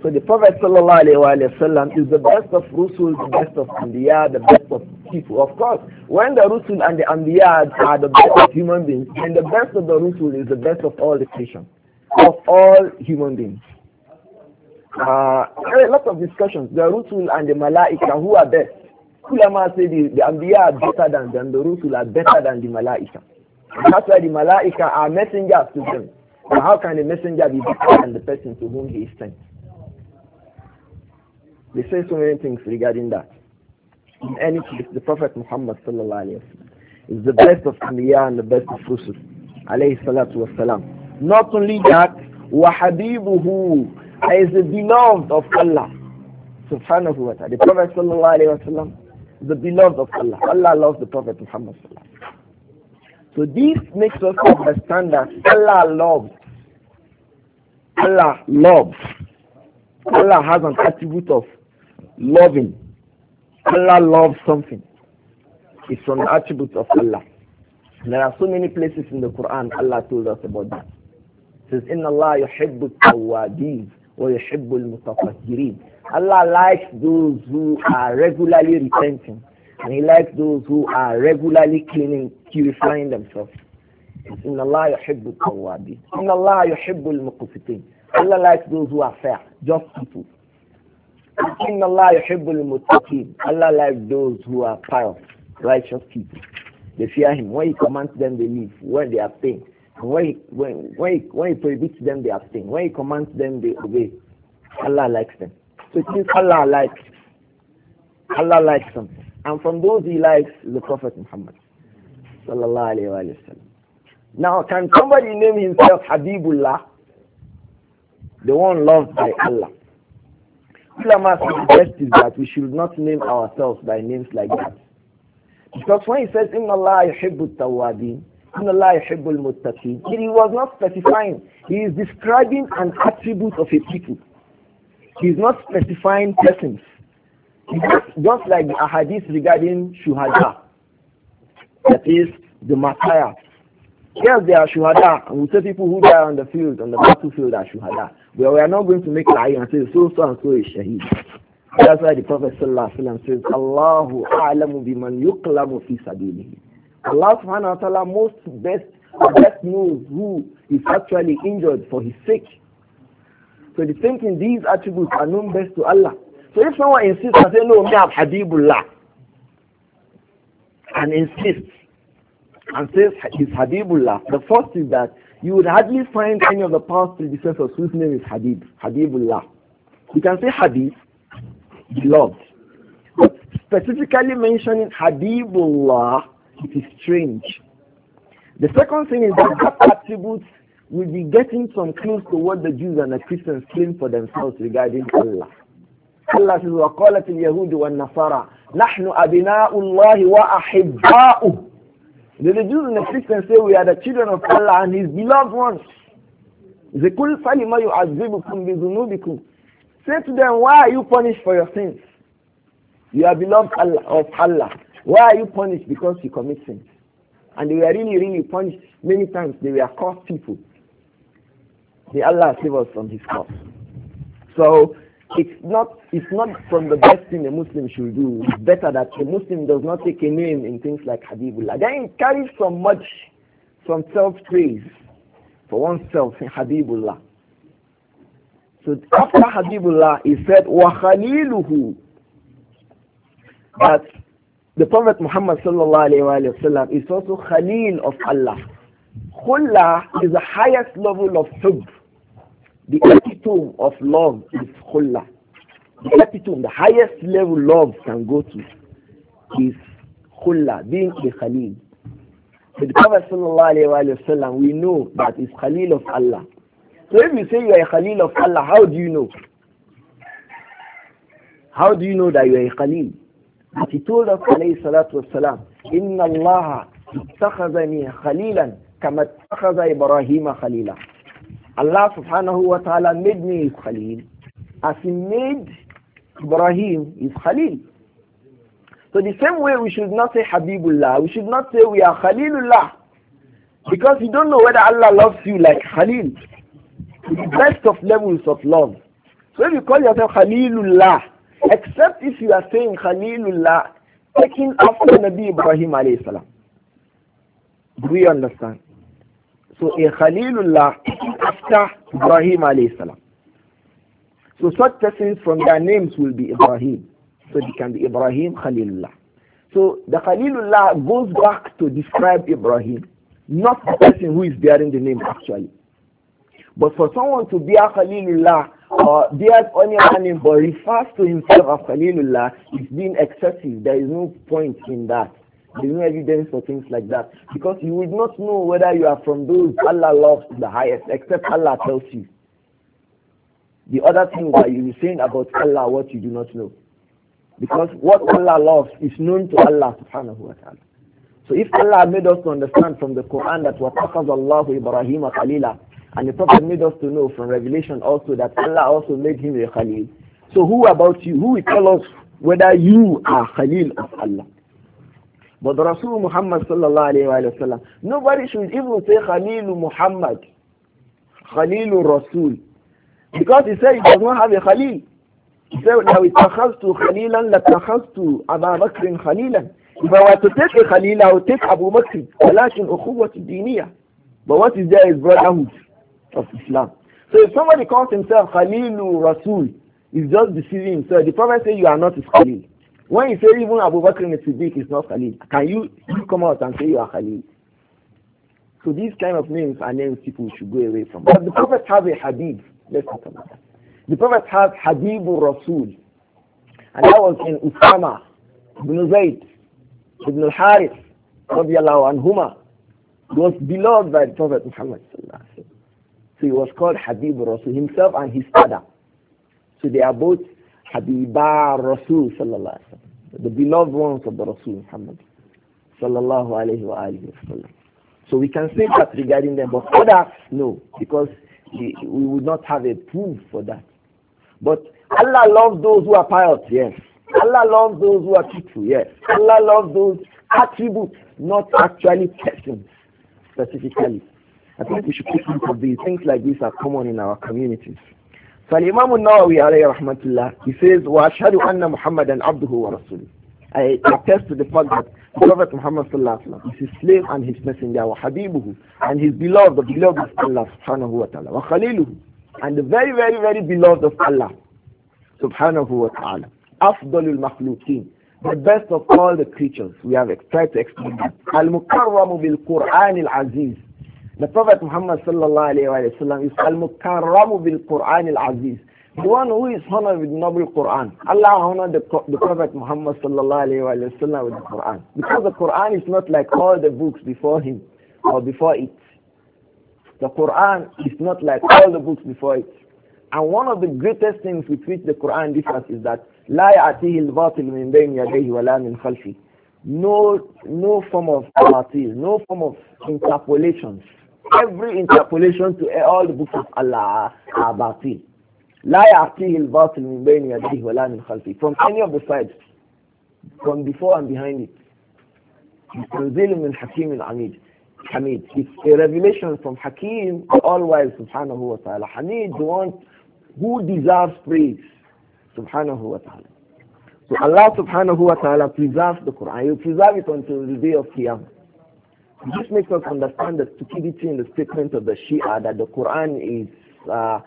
Speaker 1: So the Prophet ﷺ is the best of Rusul, the best of Anbiya, the best of people. Of course, when the Rusul and the Anbiya are the best of human beings, then the best of the Rusul is the best of all the creation, of all human beings. Uh, there are a lot of discussions. The Rusul and the Malaika, who are best? Ulama say the, the Anbiya are better than than the Rusul are better than the Malaika. that's why the Malaika are messengers to them. But how can a messenger be better than the person to whom he is sent? They say so many things regarding that. In any case, the Prophet Muhammad sallallahu is the best of Anbiya and the best of Rusul alayhi salatu wasalam. Not only that, وَحَبِيبُهُ is the beloved of Allah subhanahu wa ta'ala. The Prophet sallallahu alayhi wasallam is the beloved of Allah. Allah loves the Prophet Muhammad sallallahu So this makes us understand that Allah loves. Allah loves. Allah has an attribute of loving. Allah loves something. It's from the attributes of Allah. There are so many places in the Quran Allah told us about that. It says, Inna Allah yuhibbu tawwadeen wa yuhibbu al Allah likes those who are regularly repenting and He likes those who are regularly cleaning, purifying themselves. It's Inna Allah yuhibbu tawwadeen. Inna Allah yuhibbu Allah likes those who are fair, just people. Allah likes those who are pious, righteous people. They fear Him. When He commands them, they leave. When they abstain, when He, when when he, when he prohibits them, they abstain. When He commands them, they obey. Allah likes them. So means Allah likes, Allah likes them, and from those He likes is the Prophet Muhammad, sallallahu alaihi wasallam. Now, can somebody name himself Habibullah, the one loved by Allah? Ulama suggest is that we should not name ourselves by names like that. Because when he says, Inna Allah yuhibbu tawabin, Inna Allah yuhibbu al-muttaqin, he was not specifying. He is describing an attribute of a people. He is not specifying persons. Just like the ahadith regarding shuhada, that is, the martyrs. Yes, they are shuhada, and we say people who die on the field, on the battlefield are shuhada. But we are not going to make lie and say so so and so is shaheed. That's why the Prophet ﷺ says, Allahu a'lamu biman yuklamu fi sabilihi. Allah subhanahu wa ta'ala most best, best knows who is actually injured for his sake. So the thing these attributes are known best to Allah. So if someone insists and says, no, me I'm Habibullah, and insists and says he's Habibullah, the first is that you would hardly find any of the past predecessors whose name is Habib, Habibullah. You can say Habib, beloved. But specifically mentioning Habibullah, it is strange. The second thing is that that attribute will be getting some clues to what the Jews and the Christians claim for themselves regarding Allah. Allah says, وَقَالَتِ الْيَهُودُ وَالنَّصَارَى نَحْنُ أَبْنَاءُ اللَّهِ وَأَحِبَّاؤُهُ then the Jews and the Christians say we are the children of Allah and His beloved ones. They couldn't find him you azibukum Say to them, why are you punished for your sins? You are beloved of Allah. Why are you punished? Because you commit sins. And they were really, really punished. Many times they were cursed people. The Allah save us from his curse. So it's not, it's not from the best thing a Muslim should do. It's better that a Muslim does not take a name in things like Habibullah. Then it carries from much, from self-praise for oneself in Habibullah. So after Habibullah, he said, وَخَلِيلُهُ That the Prophet Muhammad وسلم, is also Khalil of Allah. Khulla is the highest level of hub. The epitome of love is khulla. The epitome, the highest level love can go to is khulla, being the khalil. So the Prophet wasallam, we know that is khalil of Allah. So if you say you are a khalil of Allah, how do you know? How do you know that you are a khalil? But he told us alayhi salatu wasalam, إِنَّ اللَّهَ اتَّخَذَنِي خَلِيلًا كَمَا اتَّخَذَ إِبْرَاهِيمَ خَلِيلًا Allah subhanahu wa ta'ala made me his Khalil as he made Ibrahim his Khalil. So the same way we should not say Habibullah, we should not say we are Khalilullah. Because you don't know whether Allah loves you like Khalil. The best of levels of love. So if you call yourself Khalilullah, except if you are saying Khalilullah, taking after Nabi Ibrahim alayhi salam. Do we understand? So a Khalilullah, after Ibrahim alayhi salam. So such persons from their names will be Ibrahim. So they can be Ibrahim Khalilullah. So the Khalilullah goes back to describe Ibrahim, not the person who is bearing the name actually. But for someone to bear Khalilullah or bears any other name but refers to himself as Khalilullah is being excessive. There is no point in that. There's no evidence for things like that. Because you would not know whether you are from those Allah loves the highest, except Allah tells you. The other thing that you are saying about Allah what you do not know. Because what Allah loves is known to Allah subhanahu wa ta'ala. So if Allah made us to understand from the Quran that وَتَخَذَ اللَّهُ إِبْرَاهِيمَ خَلِيلًا and the Prophet made us to know from Revelation also that Allah also made him a Khalil. So who about you? Who will tell us whether you are Khalil of Allah? But the Rasul Muhammad sallallahu alayhi wa sallam, nobody should even say Khalilu Muhammad, Khalilu Rasul. Because he said he does not have a Khalil. He said, now اتخذت خليلا to أبا بكر خليلا. If I were to take a Khalil, I would take Abu Bakr. ولكن أخوة الدينية. But what is there is brotherhood of Islam. So if somebody calls himself Khalilu Rasul, he's just deceiving himself. The Prophet says you are not his Khalil. When you say even Abu Bakr al-Siddiq is not Khalid, can you, you come out and say you are Khalid? So these kind of names are names people should go away from. But the Prophet has a Habib. Let's talk about that. The Prophet has Habibur Rasul. And that was in Usama ibn Zayd ibn al-Harith radiallahu anhuma. He was beloved by the Prophet Muhammad So he was called Habibur Rasul himself and his father. So they are both Habiba Rasul sallallahu alaihi wasallam, the beloved ones of the Rasul Muhammad sallallahu alaihi wasallam. So we can say that regarding them, but others no, because we would not have a proof for that. But Allah loves those who are pious, yes. Allah loves those who are truthful, yes. Allah loves those attributes, not actually persons specifically. I think we should take note these. Things like these are common in our communities. فالإمام النووي عليه رحمة الله he says وأشهد أن محمدا عبده ورسوله I attest to the fact that Prophet Muhammad صلى الله عليه وسلم is his slave and his messenger وحبيبه and his beloved the beloved of Allah سبحانه وتعالى وخليله and the very very very beloved of Allah سبحانه وتعالى أفضل المخلوقين the best of all the creatures we have tried to explain المكرم بالقرآن العزيز The Prophet Muhammad sallallahu alayhi wa is al-mukarramu bil-Qur'an al-aziz. The one who is honored with the noble Quran. Allah honored the, the Prophet Muhammad sallallahu alayhi wa with the Quran. Because the Quran is not like all the books before him or before it. The Quran is not like all the books before it. And one of the greatest things with which the Quran differs is that لا يأتيه الباطل من بين يديه ولا من خلفه. No, no form of batil, no form of interpolations Every interpolation to eh, all the books of Allah are batil. لا يعطيه الباطل من بين يديه ولا من خلفه from any of the sides from before and behind it تنزيل من حكيم عميد Hamid. It's a revelation from Hakim, all-wise, subhanahu wa ta'ala. Hamid, the one who deserves praise, subhanahu wa ta'ala. So Allah subhanahu wa ta'ala preserves the Quran. He will preserve it until the day of Qiyamah. This makes us understand the stupidity in the statement of the Shia that the Quran is, uh,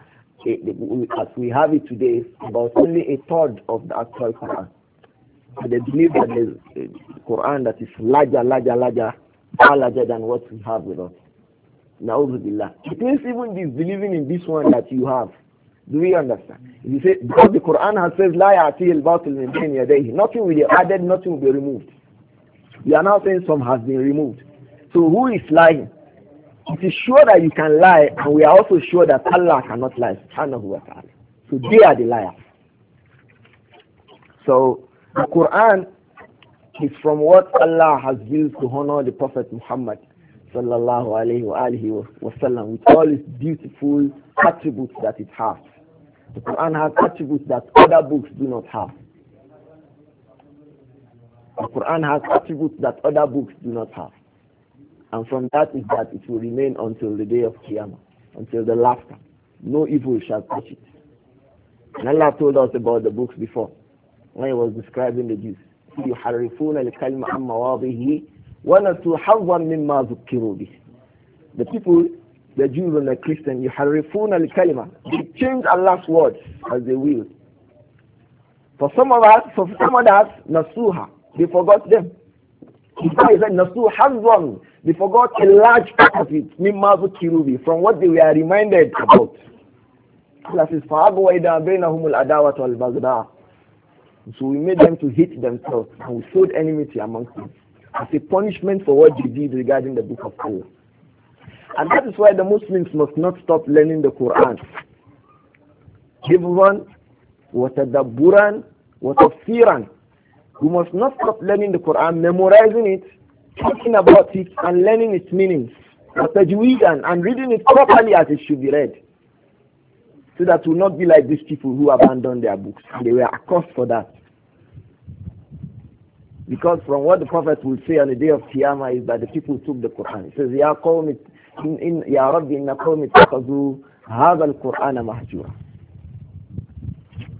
Speaker 1: as we have it today, about only a third of the actual Quran. So they believe that the Quran that is larger, larger, larger, far larger than what we have with us. Na'udzubillah. It means even disbelieving in this one that you have. Do we understand? If you say, because the Quran has says, La ya'ati al-batil min bain yadayhi. Nothing will be added, nothing will be removed. You are now saying some has been removed. So who is lying? It is sure that you can lie, and we are also sure that Allah cannot lie. Subhanahu wa ta'ala. So they are the liars. So the Quran is from what Allah has used to honor the Prophet Muhammad sallallahu alayhi wa alihi wasallam with all its beautiful attributes that it has. The Quran has attributes that other books do not have. The Quran has attributes that other books do not have. And from that is that it will remain until the day of Qiyamah, until the last time. No evil shall touch it. And Allah told us about the books before, when he was describing the Jews. يحرفون الكلمة عن مواضعه ونسوا حظا مما ذكروا به. The people, the Jews and the Christians, يحرفون الكلمة. They change Allah's words as they will. For some of us, for some others, nasuha. They forgot them. He said, Nasu Hazwan. They forgot a large part of it, Mimazu Kirubi, from what they were reminded about. So we made them to hate themselves and we sowed enmity amongst them as a punishment for what they did regarding the book of Allah. And that is why the Muslims must not stop learning the Quran. Hibban, the Firan. We must not stop learning the Quran, memorizing it, talking about it, and learning its meanings, tajweed and, and reading it properly as it should be read. So that will not be like these people who abandoned their books. They were accursed for that. Because from what the Prophet will say on the day of Qiyamah is that the people took the Quran. He says, Ya Ya Rabbi, inna qawmi taqazu hadha al-Qur'ana mahjura.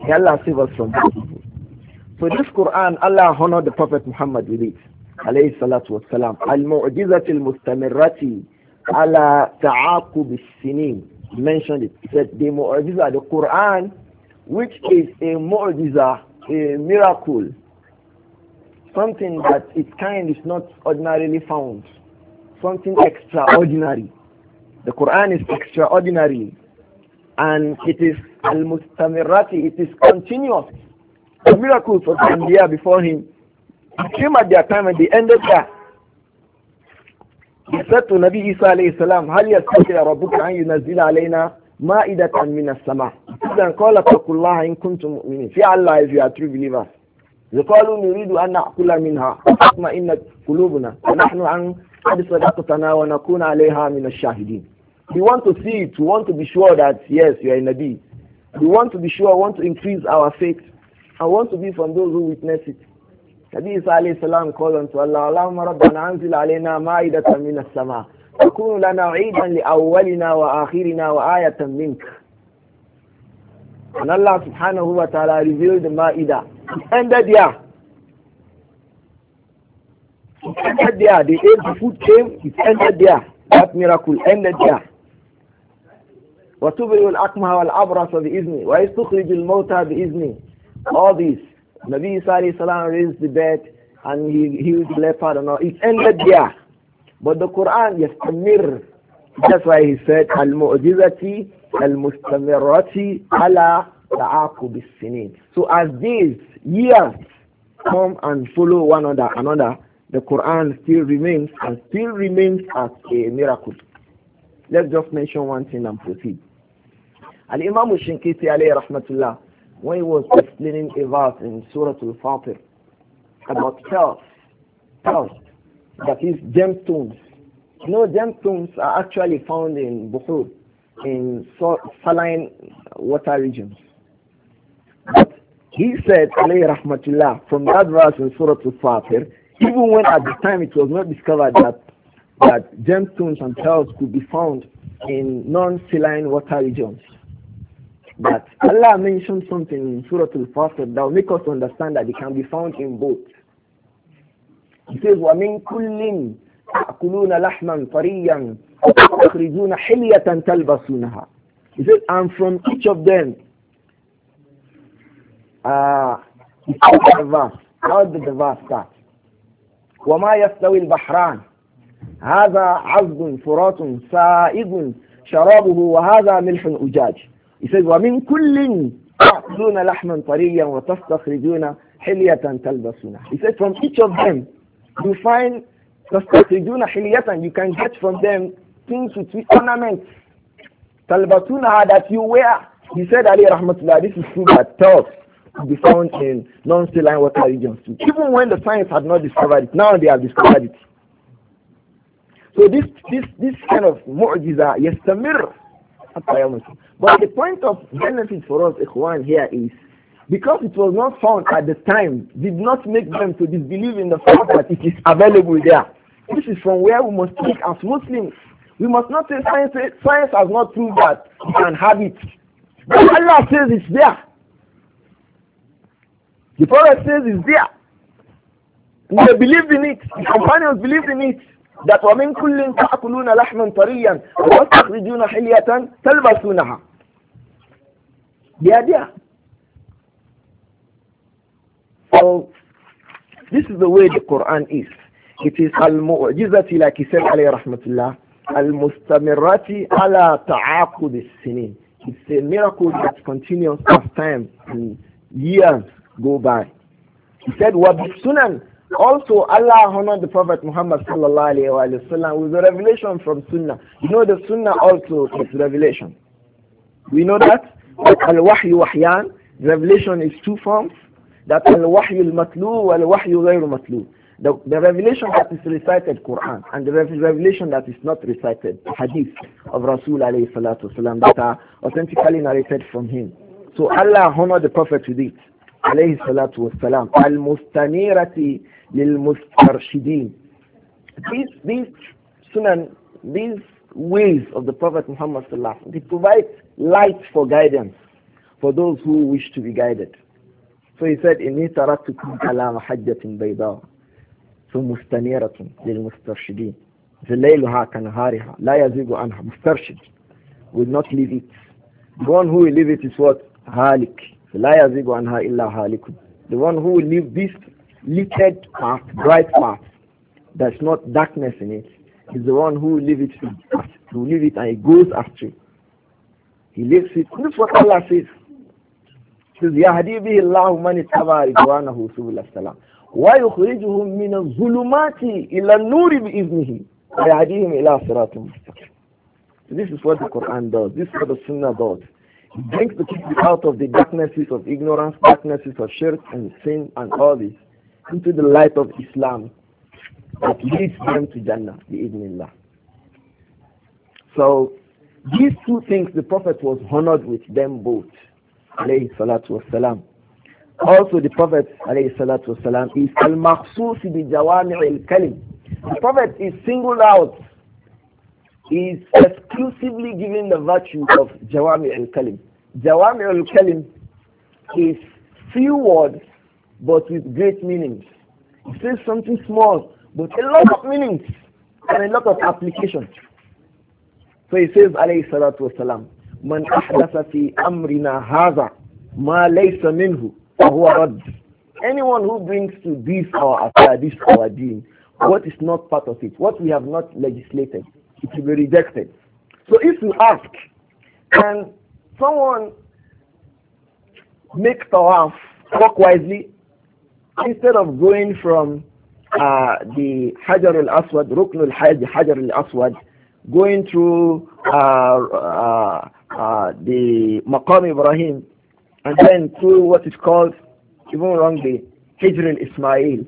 Speaker 1: May Allah save us from so this Quran, Allah honored the Prophet Muhammad with it. عليه الصلاة والسلام المعجزة المستمرة على تعاقب السنين mentioned it. He said the mu'jiza, the Quran, which is a mu'jiza, a miracle, something that its kind is not ordinarily found, something extraordinary. The Quran is extraordinary and it is al-mustamirati, it is continuous. The miracles of Anbiya before him it came at their time and they ended there. He said to Nabi Isa alayhi salam, هل يستطيع ربك أن ينزل علينا مائدة من السماء؟ Then قال اتقوا الله إن كنتم مؤمنين. Fear Allah if you are true believers. قالوا نريد أن نأكل منها تطمئن قلوبنا ونحن عن قد صدقتنا ونكون عليها من الشاهدين. We want to see it, we want to be sure that yes, you are a Nabi. We want to be sure, we want to increase our faith. I want to be from those who witness it. Nabi Isa alayhi salam called unto Allah, Allahumma rabbana anzil alayna ma'idatan min as-sama' تكون لنا عيدا لأولنا وآخرنا وآية منك And Allah subhanahu wa ta'ala revealed the Ma'idah. It ended there. He ended there. The ate the food came, it ended there. That miracle ended there. وتبرئ الأكمه والأبرص بإذني وإذ تخرج الموتى بإذني all this. Nabi Isa salam raised the dead and he healed the leopard and all. It ended there. But the Quran, yes, Amir. That's why he said, Al-Mu'jizati, Al-Mustamirati, Allah Ta'akub Sinin. So as these years come and follow one another, another, the Quran still remains and still remains as a miracle. Let's just mention one thing and proceed. Al-Imam Shinkiti alayhi rahmatullah when he was explaining about in Surah Al-Fatir about pearls, pearls, that is gemstones. You know, gemstones are actually found in Bukhur, in saline water regions. But he said, alayhi rahmatullah, from that verse in Surah Al-Fatir, even when at the time it was not discovered that, that gemstones and pearls could be found in non-saline water regions, but Allah mentioned something in Surah Al-Fasr that will make us understand that it can be found in both. He says, وَمِن كُلٍّ تَأْكُلُونَ لَحْمًا طَرِيًّا وَتَخْرِجُونَ حِلْيَةً تَلْبَسُونَها He says, and from each of them, uh, the verse. How did the verse start? وما يستوي البحران هذا عذب فرات سائغ شرابه وهذا ملح أجاج he says, وَمِن كُلٍّ تَأْخُذُونَ لَحْمًا طَرِيًّا وَتَسْتَخْرِجُونَ حِلْيَةً تَلْبَسُونَهَا said, from each of them, you find تَسْتَخْرِجُونَ حِلْيَةً You can get from them things which we ornaments. تَلْبَسُونَهَا that you wear. He said, Ali Rahmatullah, this is food that talks to be found in non-saline water regions too. Even when the science had not discovered it, now they have discovered it. So this this this kind of mu'jiza yastamir but the point of benefit for us, Ikhwan, here is because it was not found at the time, did not make them to disbelieve in the fact that it is available there. This is from where we must speak as Muslims. We must not say science, science has not proved that you can have it. But Allah says it's there. The Prophet says it's there. They believed in it. The companions believed in it. that وَمِن كُلٍّ تَأْكُلُونَ لَحْمًا طَرِيًّا وَتَخْرِجُونَ حِلْيَةً تَلْبَسُونَهَا They are So, this is the way the Quran is. It is al-mu'jizati, like he said, alayhi rahmatullah, al-mustamirati ala ta'aqud sinin It's a miracle that continues as time and years go by. He said, وَبِالسُنَنِ Also, Allah honored the Prophet Muhammad وسلم, with a revelation from Sunnah. You know, the Sunnah also is revelation. We know that Al-Wahyu Wahyan, revelation is two forms. That Al-Wahyu Al-Matlu, Al-Wahyu Ghayru Matlu. The, the, revelation that is recited Quran and the revelation that is not recited hadith of Rasul alayhi salatu wasalam that are authentically narrated from him. So Allah honored the Prophet with it alayhi salatu wasalam al-mustanirati للمسترشدين these these sunan these ways of the prophet muhammad sallallahu they provide light for guidance for those who wish to be guided so he said inni taraktukum ala mahajjatin bayda فمستنيرة للمسترشدين the laylaha kanahariha la yazigu anha mustarshid will not leave it the one who will leave it is what halik la yazigu anha illa halikun the one who will leave this littered path, bright path, that's not darkness in it, is the one who leave it who leave it and he goes after. He leaves it. This is what Allah says. says, يَهْدِي بِهِ اللَّهُ مَنِ اتَّبَعَ رِضْوَانَهُ سُبُلَ السَّلَامِ وَيُخْرِجُهُمْ مِنَ الظُّلُمَاتِ إِلَى النُّورِ بِإِذْنِهِ وَيَهْدِيهِمْ إِلَى صِرَاطٍ مُسْتَقِيمٍ This is what the Quran does. This is what the Sunnah does. It brings the people out of the darknesses of ignorance, darknesses of shirk and sin and all this into the light of Islam that leads them to Jannah, Allah. So these two things the Prophet was honored with them both, alayhi salatu wasalam. Also the Prophet, alayhi salatu wasalam, is al-makhsus bi jawami' al-kalim. The Prophet is singled out, is exclusively given the virtue of jawami' al-kalim. Jawami' al-kalim is few words but with great meanings. It says something small, but a lot of meanings and a lot of application. So he says, alayhi salatu wasalam, man ahdasa fi amrina haza ma laysa minhu fahuwa rad. Anyone who brings to this our affair, this our deen, what is not part of it, what we have not legislated, it will be rejected. So if you ask, can someone make tawaf walk wisely instead of going from uh, the Hajar al-Aswad, Rukn al-Hajj, Hajar al-Aswad, going through uh, uh, uh, the Maqam Ibrahim, and then through what is called, even wrongly, Hijr al-Ismail,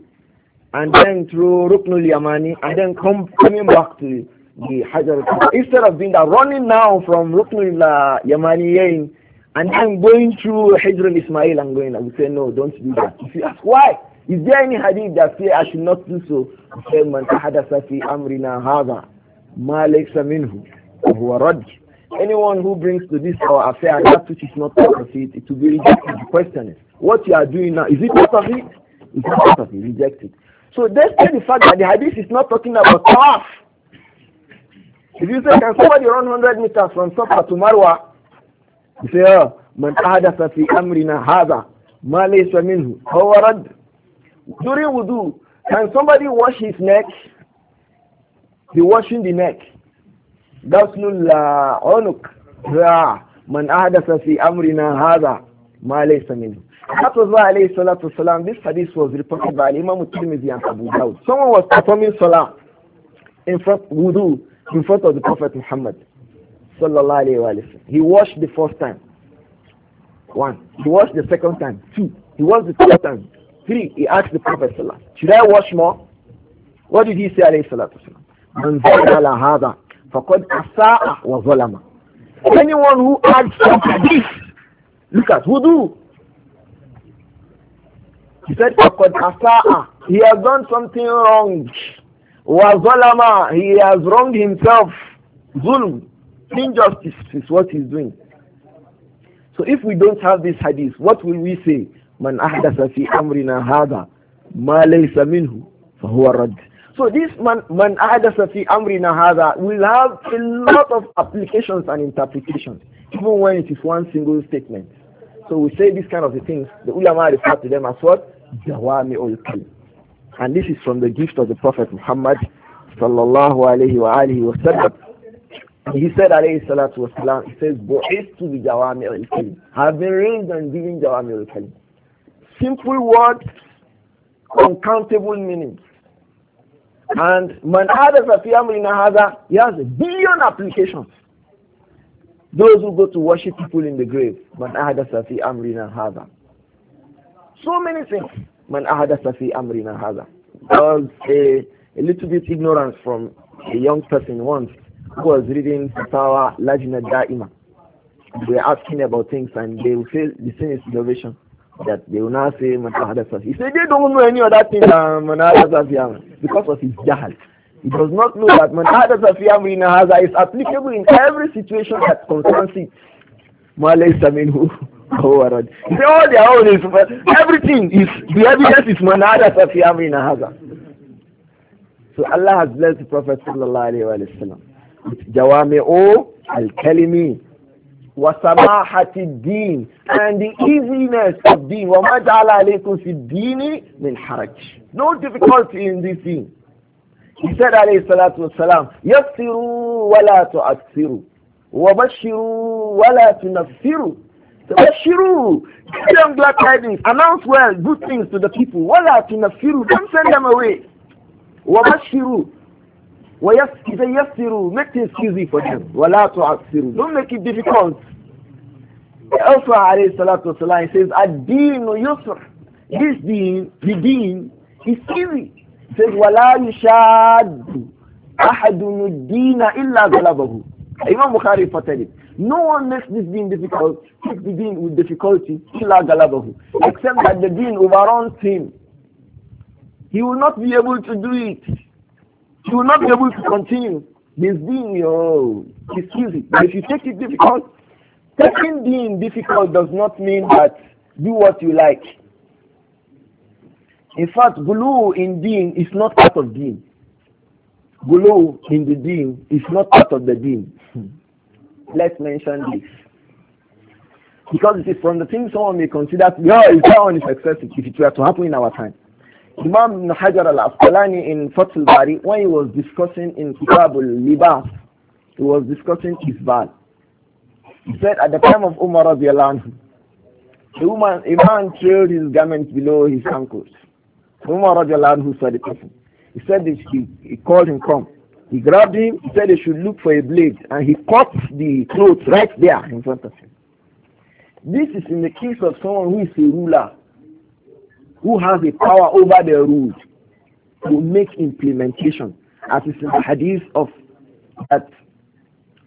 Speaker 1: and then through Rukn al-Yamani, and then come, coming back to the Hajar al-Aswad. Instead of being that, running now from Rukn al-Yamaniyin and I'm going through Hijr al Ismail, I'm going, I will say, no, don't do that. If you ask why, is there any hadith that say I should not do so? Say, man ahadasa fi amrina hadha, ma laysa minhu, huwa rad. Anyone who brings to this our affair that which is not part of it, it will be rejected. The question is, what you are doing now, is it part of it? It's not part of it, rejected. So despite the fact that the hadith is not talking about tawaf, if you say, can somebody run 100 meters from Safa to Marwa, he say, oh, ah, man ahdatha fi amrina hadha ma laysa minhu. How During wudu, can somebody wash his neck? was washing the neck. That's la uh, onuk. Ah, man ahdatha fi amrina hadha ma laysa minhu. That was why alayhi salatu salam, this hadith was reported by Imam Tirmidhi and Abu Dawud. Someone was performing salah in front, wudu, in front of the Prophet Muhammad sallallahu alayhi wa He washed the first time. One. He washed the second time. Two. He washed the third time. Three. He asked the Prophet sallallahu Should I wash more? What did he say alayhi salatu wasalam? Man zalala hadha faqad asa'a wa zolama. Anyone who adds something this, look at wudu. He said faqad asa'a. He has done something wrong. Wa zolama. He has wronged himself. Zulm. Injustice is what he's doing. So if we don't have this hadith, what will we say? Man ahdasa fi amrina hada ma laysa minhu fahuwa rad. So this man, man ahdasa fi amrina hada will have a lot of applications and interpretations, even when it is one single statement. So we say this kind of the things, the ulama refer to them as what? Jawami And this is from the gift of the Prophet Muhammad sallallahu alayhi wa alihi wa sallam and he said, alayhi salatu wasalam, he says, Bu'istu bi jawami al-kalim. I've been raised and giving jawami al Simple words, uncountable meanings. And man hadasa fi amrina hadha, he has a billion applications. Those who go to worship people in the grave, man hadasa fi amrina hadha. So many things, man hadasa fi amrina hadha. There was a, a little bit ignorance from a young person once who was reading Fatawa Lajna Da'ima. We are asking about things and they will say the same situation that they will now say Manahadasafi. He said they don't know any other thing than Manahadasafi because of his jahal. He does not know that Manahadasafi Amrinahaza is applicable in every situation that concerns it. Malaysa minhu Howard. He said all their own is everything is the evidence is Manahadasafi Amrinahaza. So Allah has blessed the Prophet sallallahu alaihi wasallam with O al-Kalimi wa samahati din and the easiness of deen wa ma ja'ala alaykum fi dini min haraj no difficulty in this thing he said alayhi salatu Wasalam. yassiru wa la tu'assiru wa bashiru wa la tunassiru Bashiru, give them glad tidings, announce well good things to the people. Wala tunafiru, don't send them away. Wa bashiru, he said, Yassiru, make things easy for them. Wala tu'assiru. Don't make it difficult. Also, alayhi salatu wasalam, he says, ad no yusr. This deen, the deen, is easy. He says, Wala yushaddu ahadun ad illa galabahu. Imam Bukhari reported it. No one makes this deen difficult, takes the deen with difficulty, illa galabahu. Except that the deen overruns him. He will not be able to do it you will not be able to continue. This being your excuse easy. But if you take it difficult, taking being difficult does not mean that do what you like. In fact, gulu in being is not part of being. Gulu in the being is not part of the being. Hmm. Let's mention this. Because it is from the things someone may consider, oh, is that one is excessive if it were to happen in our time. Imam Hajar al-Asqalani in Fath bari when he was discussing in Kitab al-Libas, he was discussing Isbal. He said at the time of Umar radiallahu a woman, a man trailed his garments below his ankles. Umar radiallahu saw the person. He said this. he, he called him come. He grabbed him, he said they should look for a blade, and he cut the clothes right there in front of him. This is in the case of someone who is a ruler, who has the power over the rules to make implementation as is in the hadith of that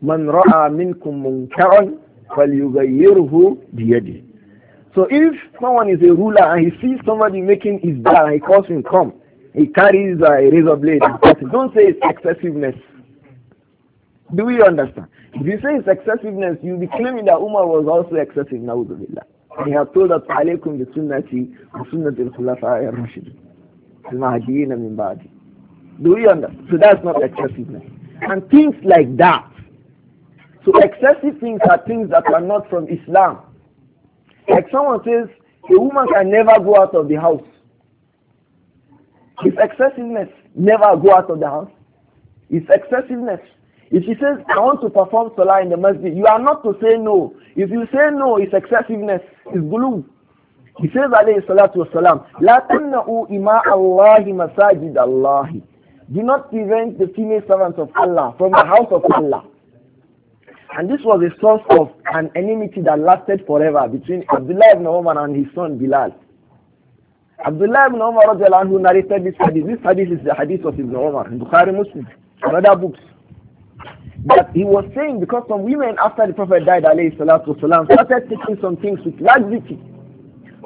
Speaker 1: man ra'a minkum munkaran falyughayyirhu diyadi. so if someone is a ruler and he sees somebody making his bar, he calls him come he carries a razor blade don't say it's excessiveness do we understand if you say it's excessiveness you'll be claiming that umar was also excessive now he had told us, عليكم بسنتي وسنة الخلفاء الراشدين المهديين من بعدي. Do we understand? So that's not excessiveness. And things like that. So excessive things are things that are not from Islam. Like someone says, a woman can never go out of the house. It's excessiveness. Never go out of the house. It's excessiveness. If she says, I want to perform salah in the masjid, you are not to say no. If you say no, it's excessiveness, it's gulu. He says alayhi salatu wasalam, La tamna'u ima Allahi masajid Allahi. Do not prevent the female servants of Allah from the house of Allah. And this was a source of an enmity that lasted forever between Abdullah ibn Umar and his son Bilal. Abdullah ibn Umar who narrated this hadith. This hadith is the hadith of Ibn Umar in Bukhari Muslim and other books. But he was saying because some women after the Prophet died والسلام, started taking some things with laxity.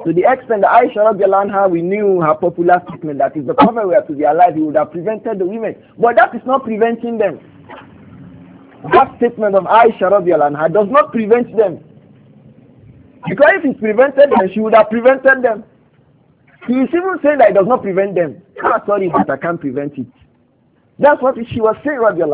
Speaker 1: To the extent that Aisha anha, we knew her popular statement that if the Prophet were to be alive, he would have prevented the women. But that is not preventing them. That statement of Aisha anha does not prevent them. Because if it prevented them, she would have prevented them. He is even saying that it does not prevent them. I'm ah, sorry, but I can't prevent it. That's what she was saying, Rabbi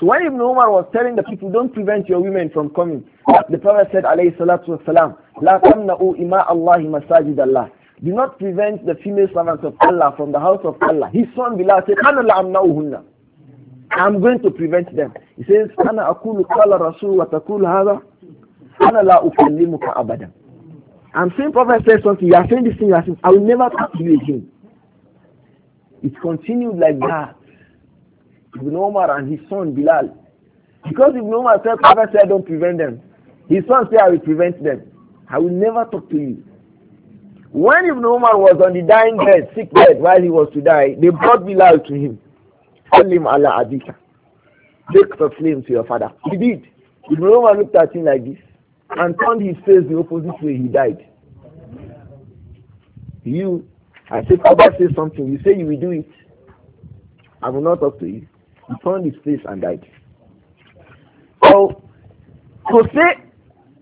Speaker 1: so when Ibn Umar was telling the people, don't prevent your women from coming, the Prophet said, alayhi salatu wasalam, La tamna'u ima Allahi masajid Allah. Do not prevent the female servants of Allah from the house of Allah. His son Bilal said, Ana la amna'uhunna. I'm going to prevent them. He says, Ana akulu qala rasul wa takulu hadha. Ana la ukallimuka I'm saying Prophet says something, you are saying this thing, you are saying, I will never talk to you again. It continued like that. Ibn Omar and his son Bilal. Because Ibn Omar said, Prophet said, don't prevent them. His son said, I will prevent them. I will never talk to you. When Ibn Omar was on the dying bed, sick bed, while he was to die, they brought Bilal to him. Call him Allah Adika. Take the flame to your father. He did. Ibn Omar looked at him like this and turned his face the opposite way he died. You, I say, Father says something. You say you will do it. I will not talk to you. He turned his face and died. So, to say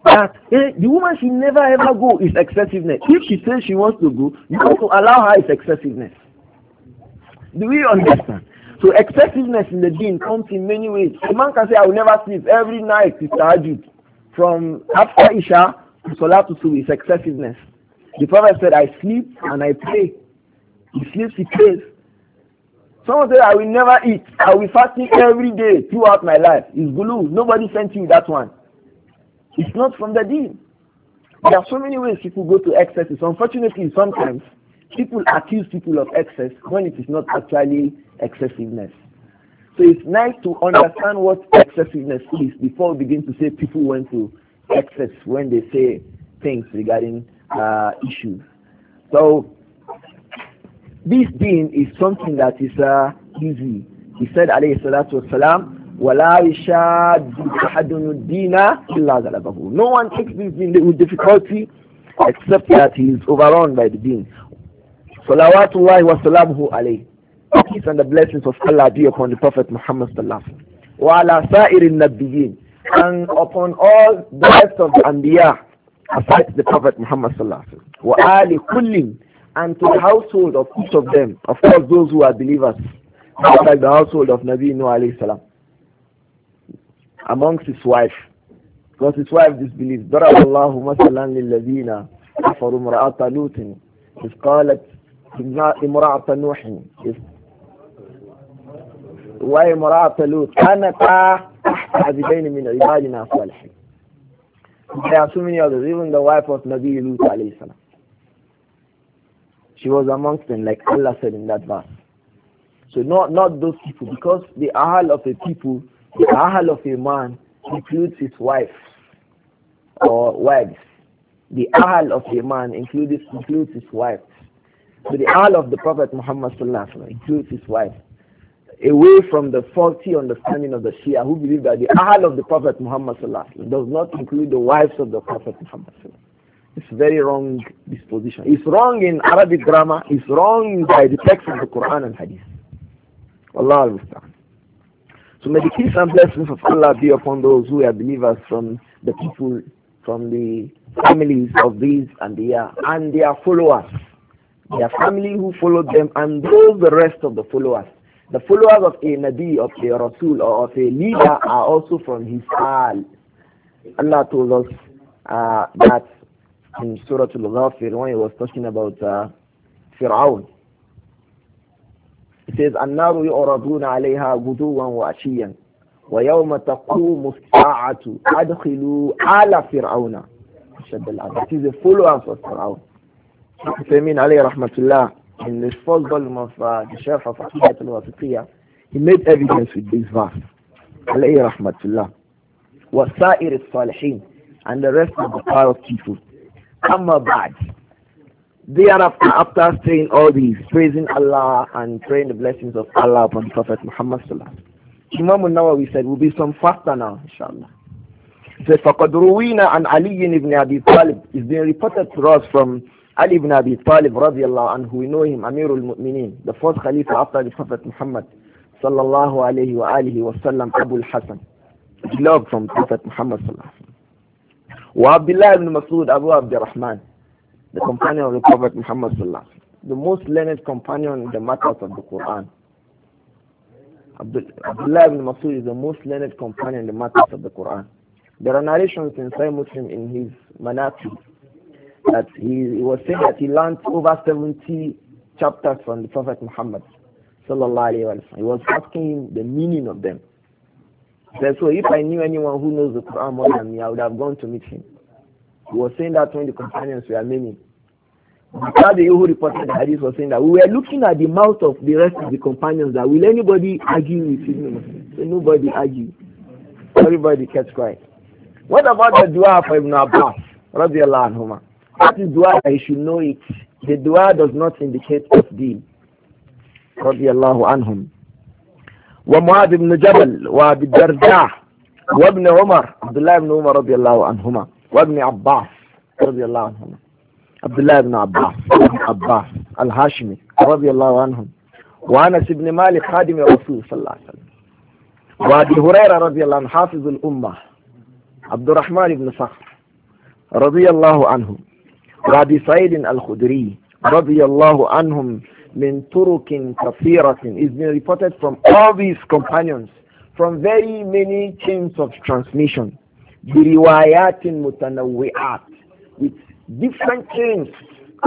Speaker 1: that eh, the woman should never ever go is excessiveness. If she says she wants to go, you have to allow her is excessiveness. Do we understand? So excessiveness in the deen comes in many ways. A man can say, I will never sleep. Every night is tahajjud. From after Isha to Salatu Subi is excessiveness. The Prophet said, I sleep and I pray. He sleeps, he prays. Someone said, I will never eat. I will fasting every day throughout my life. It's gulu. Nobody sent you that one. It's not from the deal. There are so many ways people go to excesses. Unfortunately, sometimes people accuse people of excess when it is not actually excessiveness. So it's nice to understand what excessiveness is before we begin to say people went to excess when they say things regarding uh, issues. So this deen is something that is uh, easy. He said, alayhi salatu wasalam, وَلَا يَشَادُّ أَحَدٌ الدِّينَ إِلَّا غَلَبَهُ No one takes this deen with difficulty except that he is overrun by the deen. Salawatullahi wa salamuhu alayhi. Peace and the blessings of Allah be upon the Prophet Muhammad sallallahu alayhi wa sallam. وَعَلَى سَائِرِ النَّبِيِّينَ And upon all the rest of the Anbiya, aside the Prophet Muhammad sallallahu alayhi wa sallam. وَآلِ and to the household of each of them, of course those who are believers, like the household of Nabi Nuh alayhi salam, amongst his wife, because his wife disbelieved. ضرب الله مثلا للذين كفروا امرأة لوط إذ قالت امرأة نوح إذ وامرأة لوط كانتا تحت عبدين من عبادنا صالحين. There are so many others, even the wife of Nabi Lut alayhi salam. She was amongst them, like Allah said in that verse. So not, not those people, because the ahal of a people, the ahal of a man includes his wife or wives. The ahal of a man includes, includes his wife. So the ahl of the Prophet Muhammad includes his wife. Away from the faulty understanding of the Shia who believe that the ahl of the Prophet Muhammad does not include the wives of the Prophet Muhammad. It's very wrong disposition. It's wrong in Arabic grammar. It's wrong by the text of the Quran and Hadith. Allah understand. So may the peace and blessings of Allah be upon those who are believers from the people, from the families of these and their and their followers, their family who followed them, and those the rest of the followers. The followers of a Nabi, of a Rasul, or of a leader are also from his al. Allah told us uh, that in Surah Al-Ghafir when he was talking about uh, Fir'aun. It says, النار يعرضون عليها غدوا وعشيا ويوم تقوم الساعة أدخلوا على فرعون أشد العذاب. It is a follower of Fir'aun. Uthaymeen alayhi rahmatullah in the first volume of uh, the Sharh of Aqidat al-Wasiqiyah he made evidence with this verse. Alayhi rahmatullah. وَسَائِرِ الصَّالِحِينَ And the rest of the pious people. Amma they Thereafter, after saying all these, praising Allah and praying the blessings of Allah upon the Prophet Muhammad Sallallahu Imam al we said, will be some faster now, inshallah. He said, فَقَدْ رُوِينَ عَنْ عَلِيٍّ ibn Abi Talib It's been reported to us from Ali ibn Abi Talib radiallahu anhu. We know him, Amirul Mu'mineen, the first Khalifa after the Prophet Muhammad sallallahu alayhi wa alihi wa sallam, Abu al-Hasan. Beloved from Prophet Muhammad sallallahu Abdullah ibn Masud Abu Abdurrahman, the companion of the Prophet Muhammad Sallallahu the most learned companion in the matters of the Quran. Abdullah ibn Masud is the most learned companion in the matters of the Quran. There are narrations in Sahih Muslim in his Manaqib that he, he, was saying that he learned over 70 chapters from the Prophet Muhammad. He was asking the meaning of them. Then so if I knew anyone who knows the Quran more than me, I would have gone to meet him. He was saying that when the companions were many. Because the who reported the hadith was saying that we were looking at the mouth of the rest of the companions that will anybody argue with him? So nobody argued. Everybody kept quiet. What about the dua for Ibn Abbas? Anhuma? That is dua that you should know it. The dua does not indicate of deed. Radiallahu anhum. ومعاذ بن جبل وابي الدرداء وابن عمر عبد الله بن عمر رضي الله عنهما وابن عباس رضي الله عنهما عبد الله بن عباس عباس الهاشمي رضي الله عنهم وانس بن مالك خادم الرسول صلى الله عليه وسلم وابي هريره رضي الله عنه حافظ الامه عبد الرحمن بن صخر رضي الله عنه وابي سعيد الخدري رضي الله عنهم min turukin kafiratin. It's been reported from all these companions, from very many chains of transmission. Biriwayatin mutanawi'at. With different chains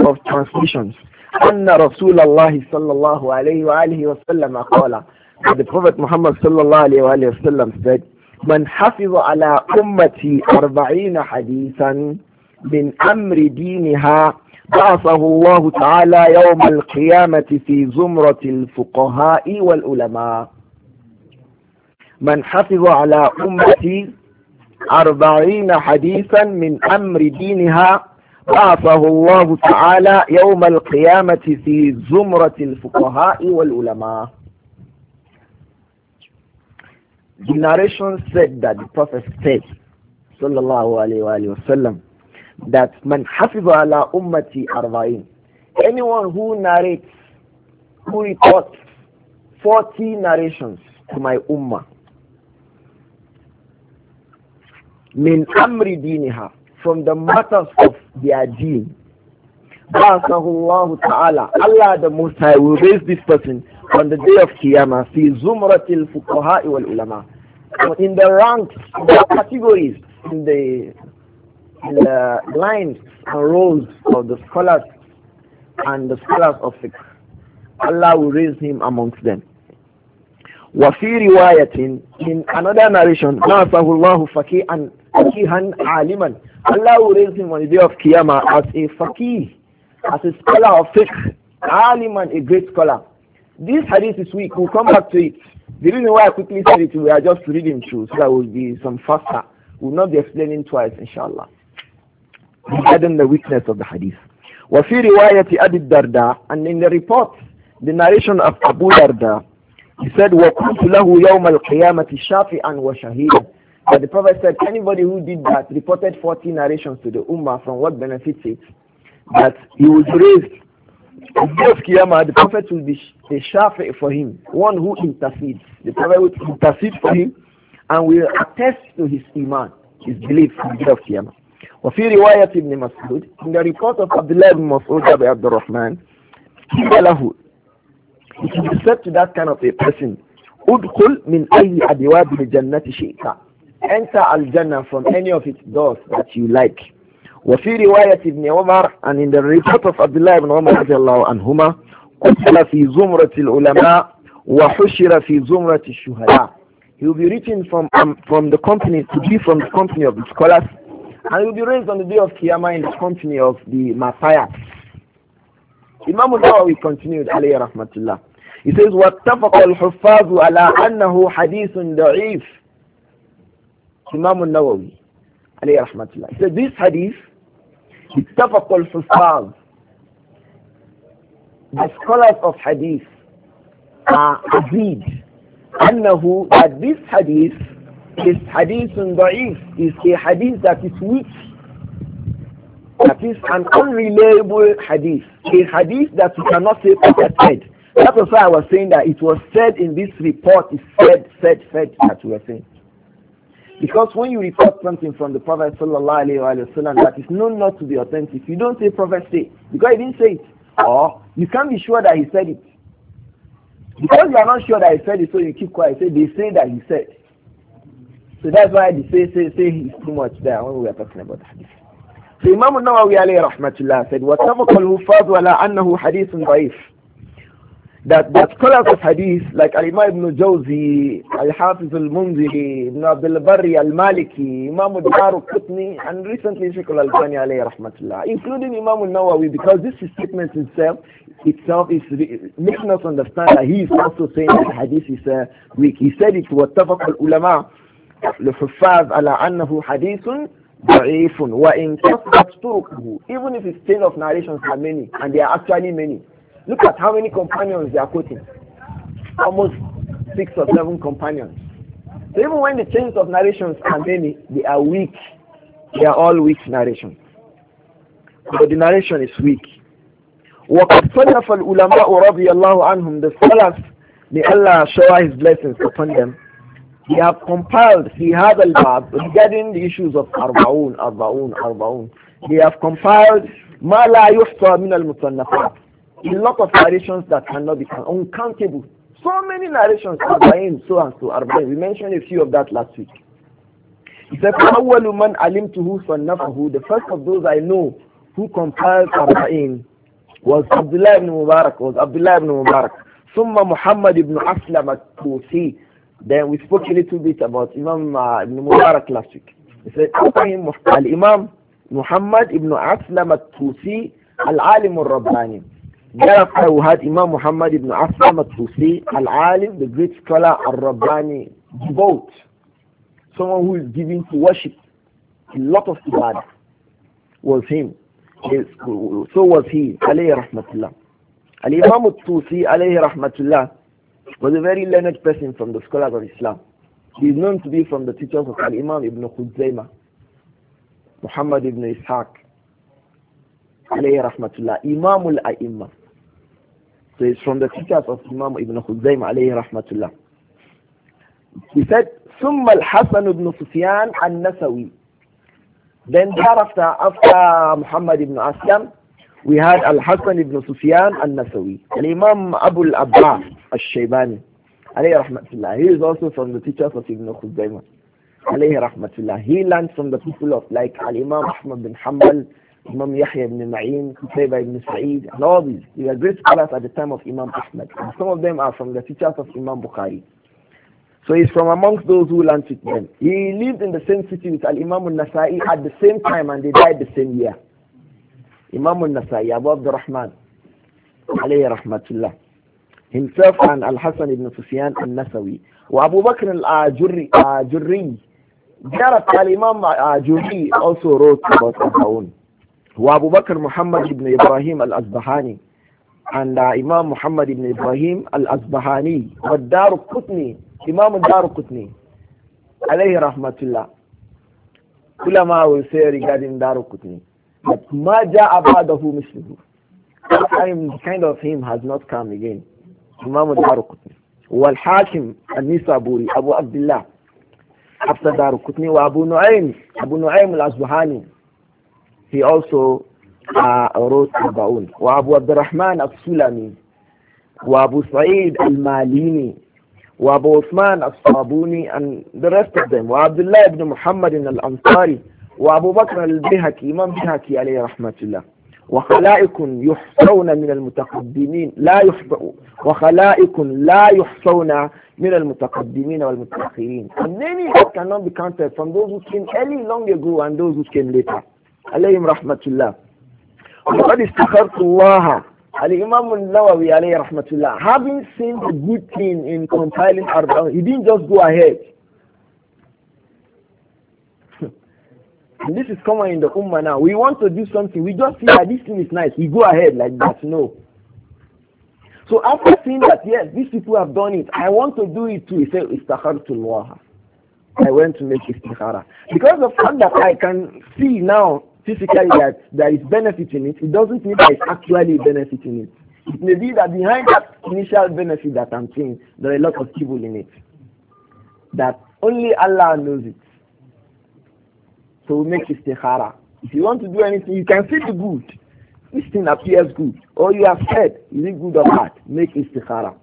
Speaker 1: of transmissions. أن رسول الله صلى الله عليه وآله وسلم قال The Prophet Muhammad صلى الله عليه وآله وسلم said من حفظ على أمتي أربعين حديثا من أمر دينها بعثه الله تعالى يوم القيامة في زمرة الفقهاء والعلماء من حفظ على أمتي أربعين حديثا من أمر دينها بعثه الله تعالى يوم القيامة في زمرة الفقهاء والعلماء The narration said that the Prophet said, Sallallahu Alaihi Wasallam, that man hafiza ala ummati arba'in. Anyone who narrates, who reports 40 narrations to my ummah, min amri diniha, from the matters of their deen. Allah ta'ala, Allah the Most High will raise this person on the day of Qiyamah, fi zumratil fuqaha'i wal ulama. In the ranks, the categories, in the the lines and roles of the scholars and the scholars of fiqh. Allah will raise him amongst them. وفي رواية in another narration بعثه الله فقيها فقيها عالما Allah will raise him on the day of Qiyamah as a faqih as a scholar of fiqh aliman a great scholar this hadith is weak we'll come back to it the reason why I quickly said it we are just reading through so that will be some faster we'll not be explaining twice inshallah regarding the weakness of the hadith. وفي رواية أبي الدرداء and in the report the narration of Abu Darda he said وكنت له يوم القيامة شافعا وشهيدا but the prophet said anybody who did that reported 40 narrations to the ummah from what benefits it that he was raised on day of Qiyamah the prophet will be a shafi for him one who intercedes the prophet will intercede for him and will attest to his iman his belief on the day of Qiyamah وفي رواية ابن مسعود in the report of Abdullah ibn Mas'ud Abu Abdurrahman له it is said to that kind of a person ادخل من أي أبواب الجنة شئت enter al-jannah from any of its doors that you like وفي رواية ابن عمر and in the report of Abdullah ibn Umar رضي الله عنهما قتل في زمرة العلماء وحشر في زمرة الشهداء he will be written from um, from the company to be from the company of the scholars and he will be raised on the day of Qiyamah in the company of the Messiah. Imam al-Nawawi continued, alayhi rahmatullah. He says, وَاتَّفَقَ الْحُفَّاظُ عَلَىٰ أَنَّهُ حَدِيثٌ ضَعِيف Imam al-Nawawi, alayhi rahmatullah. He said, this hadith, اتَّفَقَ الْحُفَّاظُ The scholars of hadith are agreed أنه that this hadith is hadith da'if, is a hadith that is weak. That is an unreliable hadith, a hadith that you cannot say protected. That was why I was saying that it was said in this report, it's said, said, said that we are saying. Because when you report something from the Prophet وسلم, that is known not to be authentic, you don't say Prophet say, because he didn't say it. Or you can't be sure that he said it. Because you are not sure that he said it, so you keep quiet. Say, they say that he said. So that's why they say, say, say he's too much there when we are talking about hadith. So Imam al-Nawawi alayhi rahmatullah said, وَتَفَقَ الْهُفَاظُ وَلَا أَنَّهُ حَدِيثٌ ضَعِيفٌ that that scholars of hadith like Al-Imam ibn Jawzi, Al-Hafiz al-Munziri, Ibn Abdul Barri al-Maliki, Imam al al-Qutni and recently Sheikh al-Albani alayhi rahmatullah, including Imam al-Nawawi because this statement itself itself is making us understand that he is also saying that hadith is uh, weak. He said it was tafaq al-ulama الحفاظ على أنه حديث ضعيف وإن كثرت طرقه even if its chain of narrations are many and they are actually many look at how many companions they are quoting almost six or seven companions so even when the chains of narrations are many they are weak they are all weak narrations but the narration is weak وقد صنف العلماء رضي الله عنهم the scholars may Allah shower his blessings upon them he have compiled They have al-bab regarding the issues of arbaun, arbaun, arbaun. He have compiled ma la yufta min al-musannafat. A lot of narrations that cannot be uncountable. So many narrations, arbain, so and so, arbain. We mentioned a few of that last week. He said, "Awwalu man alimtuhu sannafahu." The first of those I know who compiled arbain was Abdullah ibn Mubarak. Was Abdullah ibn Mubarak. ثم محمد بن أسلم الكوفي then we spoke a little bit about Imam uh, Ibn Mubarak last week. He said, after him, Al-Imam Muhammad Ibn Aslam al-Tusi Al-Alim al-Rabbani.
Speaker 2: Thereafter we had
Speaker 1: Imam Muhammad Ibn Aslam al-Tusi Al-Alim, the great scholar al-Rabbani, devote someone who is giving to worship, a lot of ibadah was him. so was he, alayhi rahmatullah. Al-Imam al-Tusi alayhi rahmatullah was a very learned person from the scholars of Islam. He is known to be from the teachers of Al-Imam Ibn Khuzaymah, Muhammad Ibn Ishaq, alayhi rahmatullah, Imam al-A'imma. So he's from the teachers of Imam Ibn Khuzaymah, alayhi rahmatullah. He said, ثم الحسن بن سفيان النسوي Then thereafter, after Muhammad ibn Aslam, we had Al-Hasan ibn Sufyan al-Nasawi. Al-Imam Abu al-Abbas, Ash-Shaybani. Alayhi rahmatullah. He is also from the teachers of Ibn Khuzaimah. Alayhi rahmatullah. He learned from the people of like imam Ahmad bin Hanbal, Imam Yahya ibn Ma'in, Qutayba ibn Sa'id, and all these. They were great scholars at the time of Imam Ahmad. And some of them are from the teachers of Imam Bukhari. So he's from amongst those who learned with them. He lived in the same city with Al-Imam al-Nasai at the same time and they died the same year. Imam al-Nasai, Abu Abdurrahman, alayhi rahmatullah. himself and Al-Hasan ibn Sufyan al-Nasawi. Wa Abu Bakr al-Ajurri. Jarat al-Imam al-Ajurri also wrote about Al-Hawun. Wa Abu Bakr Muhammad ibn Ibrahim al-Azbahani. And uh, Imam Muhammad ibn Ibrahim al-Azbahani. Wa Daru Qutni. Imam Daru Qutni. Alayhi rahmatullah. Ulama will say regarding Daru Qutni. But ma ja'a ba'dahu mislihu. Kind of him has not come again. امام دار قطني والحاكم النيسابوري ابو عبد الله افتى دار قطني وابو نعيم ابو نعيم الاصبهاني he also uh, about وابو عبد الرحمن السلمي وابو سعيد الماليني وابو عثمان الصابوني and the rest of them وعبد الله بن محمد الانصاري وابو بكر البهكي امام بهكي عليه رحمه الله وخلائق يحصون من المتقدمين لا يحصون وخلائق لا يحصون من المتقدمين والمتأخرين and many that cannot be counted from those who came early long ago and those who came later عليهم رحمة الله وقد استخرت الله الإمام النووي عليه رحمة الله having seen the good thing in compiling Arba'in he didn't just go ahead And this is common in the Ummah now. We want to do something. We just see that this thing is nice. We go ahead like that. No. So after seeing that, yes, these people have done it. I want to do it too. He said, Istakhartullah. I went to make istikhara. Because the fact that I can see now physically that there is benefit in it, it doesn't mean it's actually benefiting it. It may be that behind that initial benefit that I'm seeing, there are a lot of evil in it. That only Allah knows it. So make istikhara. If you want to do anything, you can see the good. This thing appears good. Or you have said, is it good or bad? Make istikhara.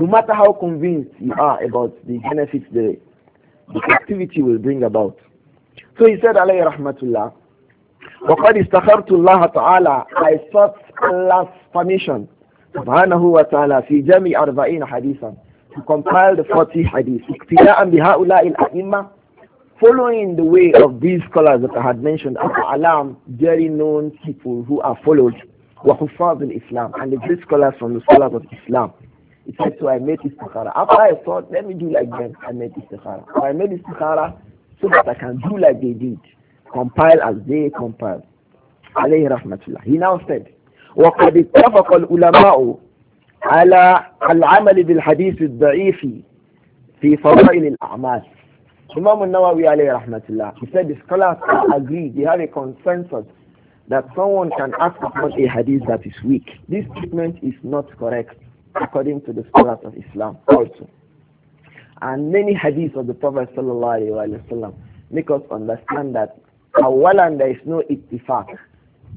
Speaker 1: No matter how convinced you are about the benefits the, the activity will bring about. So he said, alayhi rahmatullah, وقد استخرت الله تعالى I sought Allah's permission سبحانه وتعالى في جميع أربعين حديثا to compile the 40 hadiths اقتداء بهؤلاء الأئمة following the way of these scholars that I had mentioned, Abu Alam, very known people who are followed, were Huffaz in Islam, and the great scholars from the scholars of Islam. It said, so I made istikhara. After I thought, let me do like them, I made istikhara. So I made istikhara so that I can do like they did, compile as they compiled. Alayhi rahmatullah. He now said, وقد اتفق العلماء على العمل بالحديث الضعيف في فضائل الأعمال Imam al-Nawawi alayhi rahmatullah, he said the scholars agree, they have a consensus that someone can ask upon a hadith that is weak. This statement is not correct according to the scholars of Islam also. And many hadiths of the Prophet sallallahu alayhi wasallam make us understand that awalan there is no ittifaq,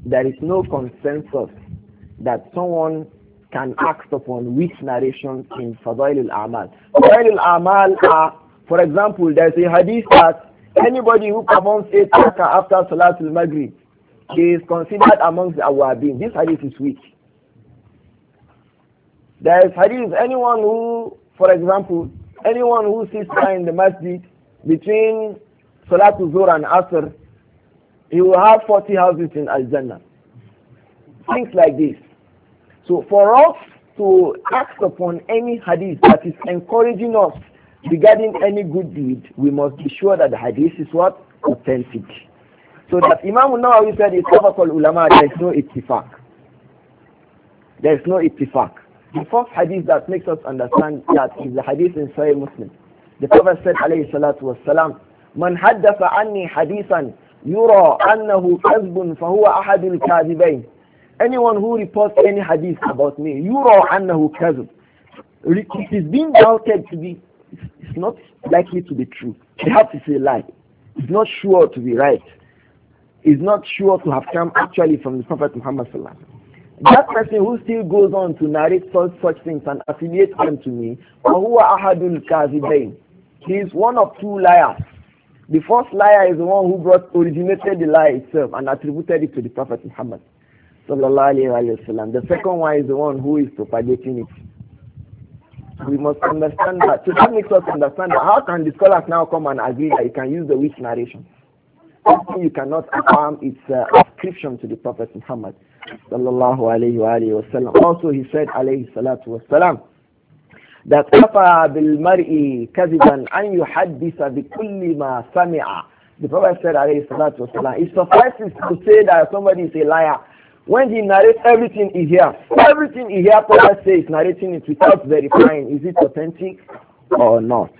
Speaker 1: there is no consensus that someone can act upon weak narrations in Fadail al-Amal. Fadail al-Amal are for example, there is a hadith that anybody who performs a rakah after Salatul Maghrib is considered amongst the awabin. This hadith is weak. There is hadith, anyone who, for example, anyone who sits in the masjid between Salatul Zuhr and Asr, he will have 40 houses in Al-Jannah. Things like this. So for us to act upon any hadith that is encouraging us regarding any good deed, we must be sure that the hadith is what? Authentic. So that Imam Nawawi said it's called ulama, there is no ittifaq. There is no ittifaq. The first hadith that makes us understand that is the hadith in Sahih Muslim. The Prophet said alayhi salatu wassalam, من حدث عني حديثا يرى أنه كذب فهو أحد الكاذبين Anyone who reports any hadith about me, يرى أنه كذب. It is being doubted to be it's not likely to be true. Perhaps it's a lie. It's not sure to be right. It's not sure to have come actually from the Prophet Muhammad that person who still goes on to narrate such, such things and affiliate them to me, he is one of two liars. The first liar is the one who brought, originated the lie itself and attributed it to the Prophet Muhammad. The second one is the one who is propagating it we must understand that. So that makes us understand that how can the scholars now come and agree that you can use the weak narration? Something you cannot affirm its uh, ascription to the Prophet Muhammad sallallahu alayhi wa alayhi Also he said alayhi salatu wa salam that kafa bil mar'i kadiban an yuhaddisa bi kulli ma sami'a. The Prophet said alayhi salatu wa salam, it suffices to say that somebody is a liar when he narrates everything he here. everything he hears Prophet says, narrating it without verifying, is it authentic or not?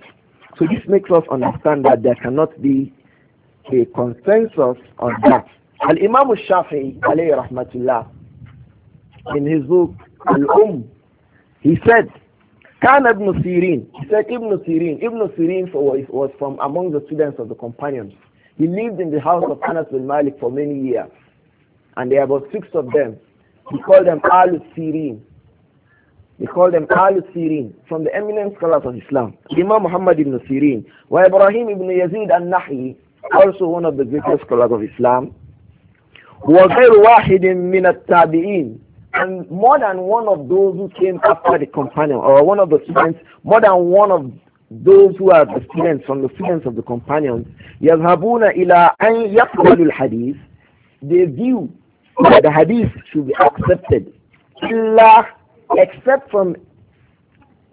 Speaker 1: So this makes us understand that there cannot be a consensus on that. Al-Imam shafi alayhi rahmatullah, in his book, Al-Umm, he said, Khan ibn Sirin, he said Ibn Sirin, Ibn Sirin was from among the students of the companions. He lived in the house of Anas bin Malik for many years. And there are about six of them. We call them Al-Sirin. We call them Al-Sirin, from the eminent scholars of Islam. Imam Muhammad ibn Sirin. Wa Ibrahim ibn Yazid al-Nahi, also one of the greatest scholars of Islam. Wa غير واحد من التابعين and more than one of those who came after the companion or one of the students more than one of those who are the students from the students of the companions يذهبون إلى أن يقبلوا الحديث they view but the hadith should be accepted. إلا except from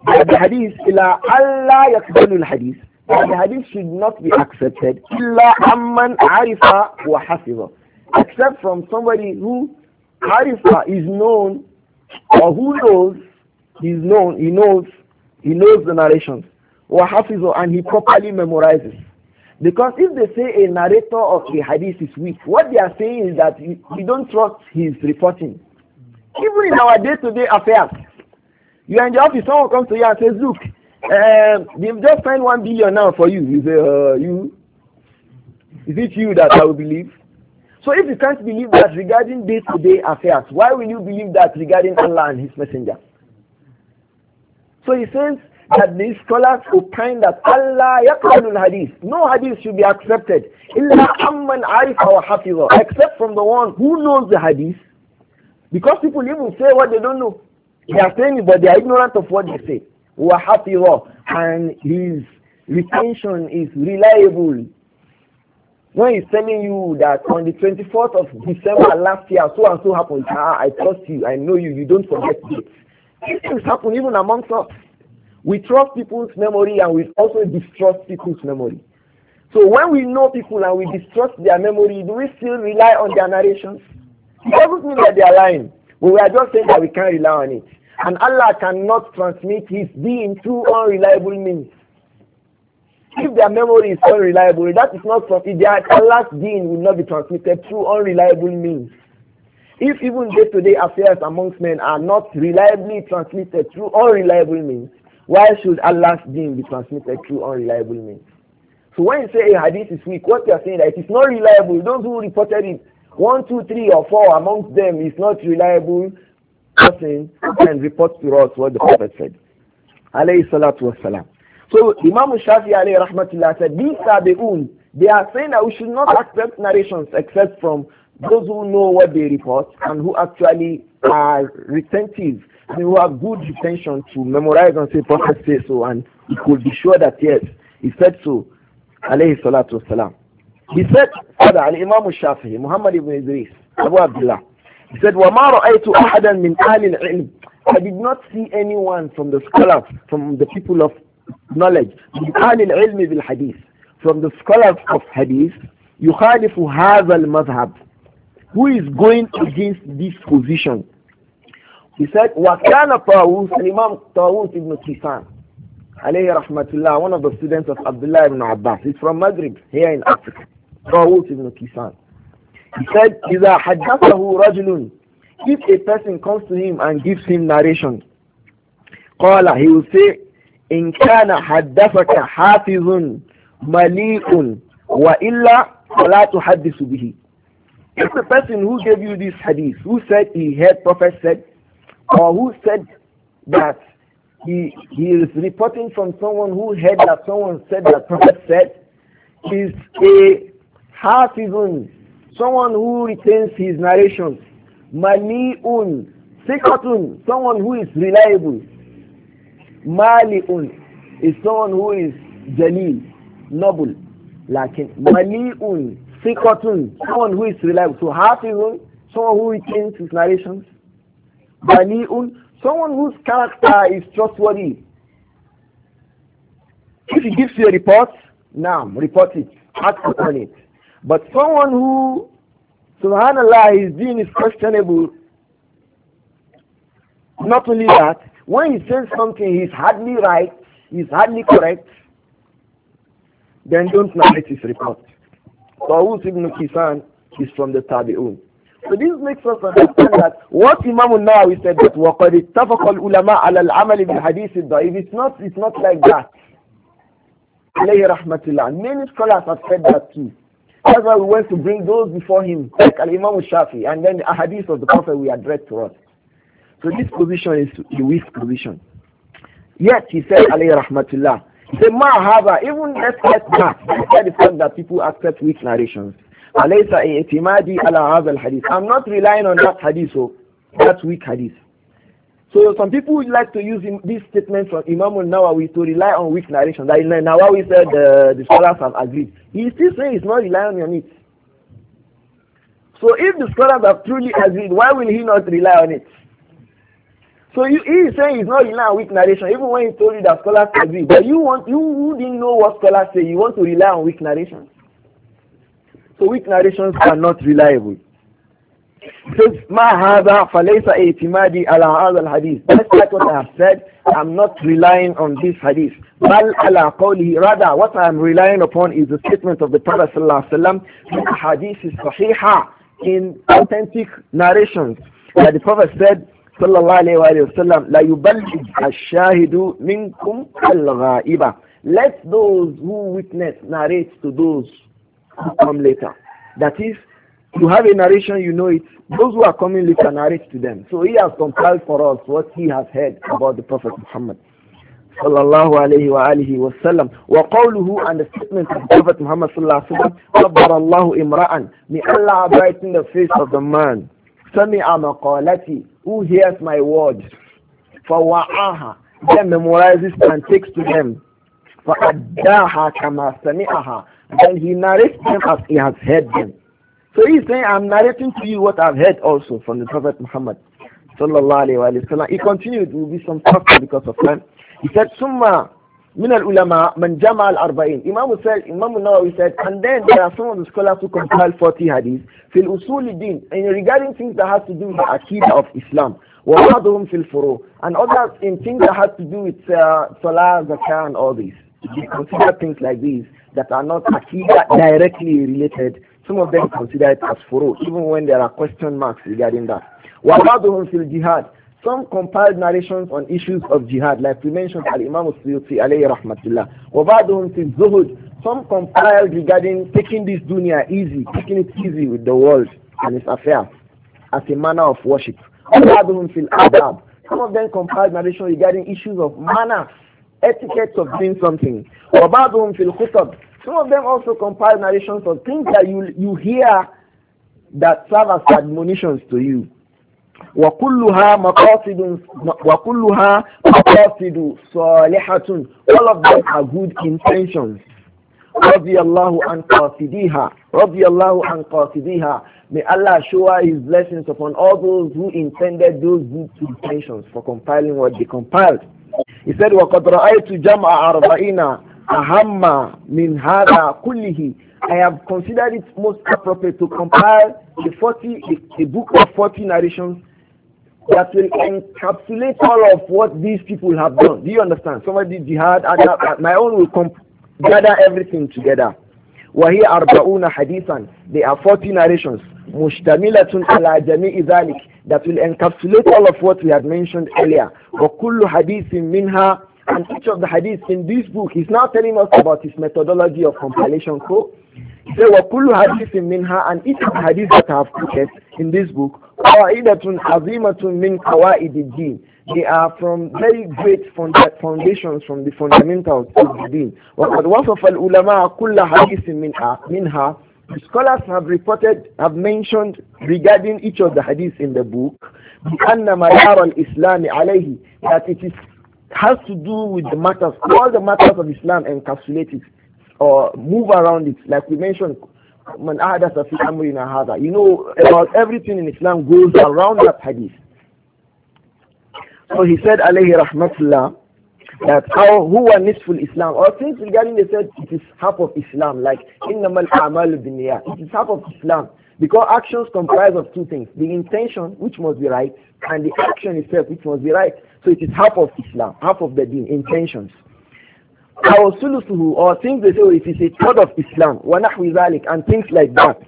Speaker 1: uh, the hadith إلا Allah يقبل hadith. the hadith should not be accepted إلا أمن عرف وحفظ except from somebody who عرف is known or who knows he's known he knows he knows the narrations وحفظ and he properly memorizes because if they say a narrator of a hadith is weak, what they are saying is that we don't trust his reporting. Even in our day-to-day affairs, you are in the office, someone comes to you and says, look, we um, they've just signed one billion now for you. You say, uh, you? Is it you that I will believe? So if you can't believe that regarding day to -day affairs, why will you believe that regarding Allah and His Messenger? So he says, that these scholars opine that Allah yaqbalul hadith. No hadith should be accepted. Illa amman arifa wa hafiza. Except from the one who knows the hadith. Because people even say what they don't know. They are saying it, but they are ignorant of what they say. Wa hafiza. And his retention is reliable. When he's telling you that on the 24th of December last year, so and so happened, ah, I trust you, I know you, you don't forget this. These things happen even amongst us. We trust people's memory and we also distrust people's memory. So when we know people and we distrust their memory, do we still rely on their narrations? It doesn't mean that they are lying. We are just saying that we can't rely on it. And Allah cannot transmit His deen through unreliable means. If their memory is unreliable, that is not transmitted. Allah's deen will not be transmitted through unreliable means. If even day-to-day affairs amongst men are not reliably transmitted through unreliable means, why should Allah's deen be transmitted through unreliable means? So when you say a hadith is weak, what you are saying that it is not reliable. Those who reported it, one, two, three, or four amongst them is not reliable person and report to us what the Prophet said. Alayhi salatu wasalam. So Imam Shafi alayhi rahmatullah said, these are the un. They are saying that we should not accept narrations except from those who know what they report and who actually are retentive they you have good intention to memorize and say Prophet says so and he could be sure that yes, he said so. Alayhi salatu wasalam. He said, Father, Al-Imam Shafi'i, Muhammad ibn Idris, Abu Abdullah, he said, وَمَا رَأَيْتُ ahadan min أَهْلِ الْعِلْمِ I did not see anyone from the scholars, from the people of knowledge, من أهل from the scholars of hadith, يخالف al المذهب, who is going against this position, he said, وَكَانَ طَاوُوسَ Imam Tawus ibn Kisan, alayhi rahmatullah, one of the students of Abdullah ibn Abbas. He's from Maghrib, here in Africa. Tawus ibn Kisan. He said, إِذَا حَدَّثَهُ رَجُلٌ If a person comes to him and gives him narration, قَالَ He will say, إِن كَانَ حَدَّثَكَ حَافِظٌ wa وَإِلَّا فَلَا تُحَدِّثُ بِهِ If the person who gave you this hadith, who said he heard Prophet said, or who said that he, he is reporting from someone who heard that someone said that Prophet said is a even someone who retains his narrations, un sikatun, someone who is reliable, mali'un is someone who is jalil, noble, lakin mali'un, sikatun, someone who is reliable. So even someone who retains his narrations, Bani'un, someone whose character is trustworthy. If he gives you a report, now report it, act upon it. But someone who, subhanAllah, his deen is questionable, not only that, when he says something he's hardly right, he's hardly correct, then don't narrate his report. Tawus ibn Kisan is from the Tabi'un. So this makes us understand that what Imam Nawawi said that وَقَدِ al al عَلَى الْعَمَلِ بِالْحَدِيثِ الضَّعِيفِ It's not, it's not like that. Alayhi rahmatullah. Many scholars have said that too. That's why we went to bring those before him, like Al-Imam Shafi, and then the hadith of the Prophet we addressed to us. So this position is the weak position. Yet he said, alayhi rahmatullah, he ma'ahaba, even despite that, despite the fact that people accept weak narrations, I'm not relying on that hadith, so oh, that weak hadith. So some people would like to use this statement from Imam al-Nawawi to rely on weak narration. That Nawawi said uh, the scholars have agreed. He still saying he's not relying on it. So if the scholars have truly agreed, why will he not rely on it? So you, he is saying he's not relying on weak narration, even when he told you that scholars agree. But you want you who didn't know what scholars say, you want to rely on weak narration. So weak narrations are not reliable. Says, ما هذا فليس ala على هذا الحديث. Despite what I have said, I'm not relying on this hadith. Bal ala قوله rather what I'm relying upon is the statement of the Prophet wasallam. الله عليه is صحيحة in authentic narrations. That the Prophet said sallallahu alaihi wasallam, la وسلم لا min kum al raiba. Let those who witness narrate to those come later. That is, you have a narration, you know it. Those who are coming later narrate to them. So he has compiled for us what he has heard about the Prophet Muhammad. Sallallahu alayhi wa alihi wa sallam. Wa qawluhu and the statement of Prophet Muhammad sallallahu alayhi wa sallam. Allahu imra'an. May Allah brighten the face of the man. Sami'a maqalati. Who hears my words? Fawa'aha. Then memorizes and takes to them. فأداها كما سمعها then he narrates them as he has heard them. So he's saying, I'm narrating to you what I've heard also from the Prophet Muhammad. He continued, it will be some trouble because of time. He said, Summa min al ulama man jama al arba'in. Imam said, Imam Nawawi said, and then there are some of the scholars who compile 40 hadiths. Fil usul din, and regarding things that has to do with the akidah of Islam. Wa ba'duhum fil furu, and others in things that has to do with uh, salah, zakah, and all these they consider things like these that are not directly related. Some of them consider it as furu, even when there are question marks regarding that. وَبَعْضُهُمْ فِي jihad. Some compiled narrations on issues of jihad, like we mentioned Al-Imam Suyuti alayhi rahmatullah. وَبَعْضُهُمْ فِي الزُّهُدْ Some compiled regarding taking this dunya easy, taking it easy with the world and its affairs as a manner of worship. وَبَعْضُهُمْ فِي الْأَدَابِ Some of them compiled narrations regarding issues of manners Etiquette of doing something. Some of them also compile narrations of things that you, you hear that serve as admonitions to you. وَكُلُّهَا مَقَاصِدٌ وَكُلُّهَا All of them are good intentions. رضي الله عن قاصديها رضي الله عن قاصديها May Allah shower His blessings upon all those who intended those good intentions for compiling what they compiled. He said, وَقَدْ رَأَيْتُ جَمْعَ أَرْبَعِينَ أَهَمَّ مِنْ هَذَا كُلِّهِ I have considered it most appropriate to compile a, 40, book of 40 narrations that will encapsulate all of what these people have done. Do you understand? Somebody jihad, and my own will comp- gather everything together. وهي أربعون حديثا they are 40 narrations مشتملة على جميع ذلك that will encapsulate all of what we had mentioned earlier. وَكُلُّ حَدِيثٍ مِنْهَا And each of the hadiths in this book is now telling us about his methodology of compilation code. Say وَكُلُّ حَدِيثٍ مِنْهَا And each of the hadiths that I have quoted in this book قَوَائِدَةٌ عَظِيمَةٌ مِنْ قَوَائِدِ الدِّينِ They are from very great foundations from the fundamentals of the deen. وَقَدْ وَصَفَ الْعُلَمَاءَ كُلَّ حَدِيثٍ مِنْهَا Scholars have reported, have mentioned regarding each of the hadiths in the book, That it is, has to do with the matters, all the matters of Islam encapsulated or move around it. Like we mentioned, man You know about everything in Islam goes around that hadith. So he said alayhi rahmatullah that how who are nisful Islam or things regarding they said it is half of Islam like innamal amal binniyah it is half of Islam because actions comprise of two things the intention which must be right and the action itself which must be right so it is half of Islam half of the deen intentions our or things they say oh, it is a third of Islam wa and things like that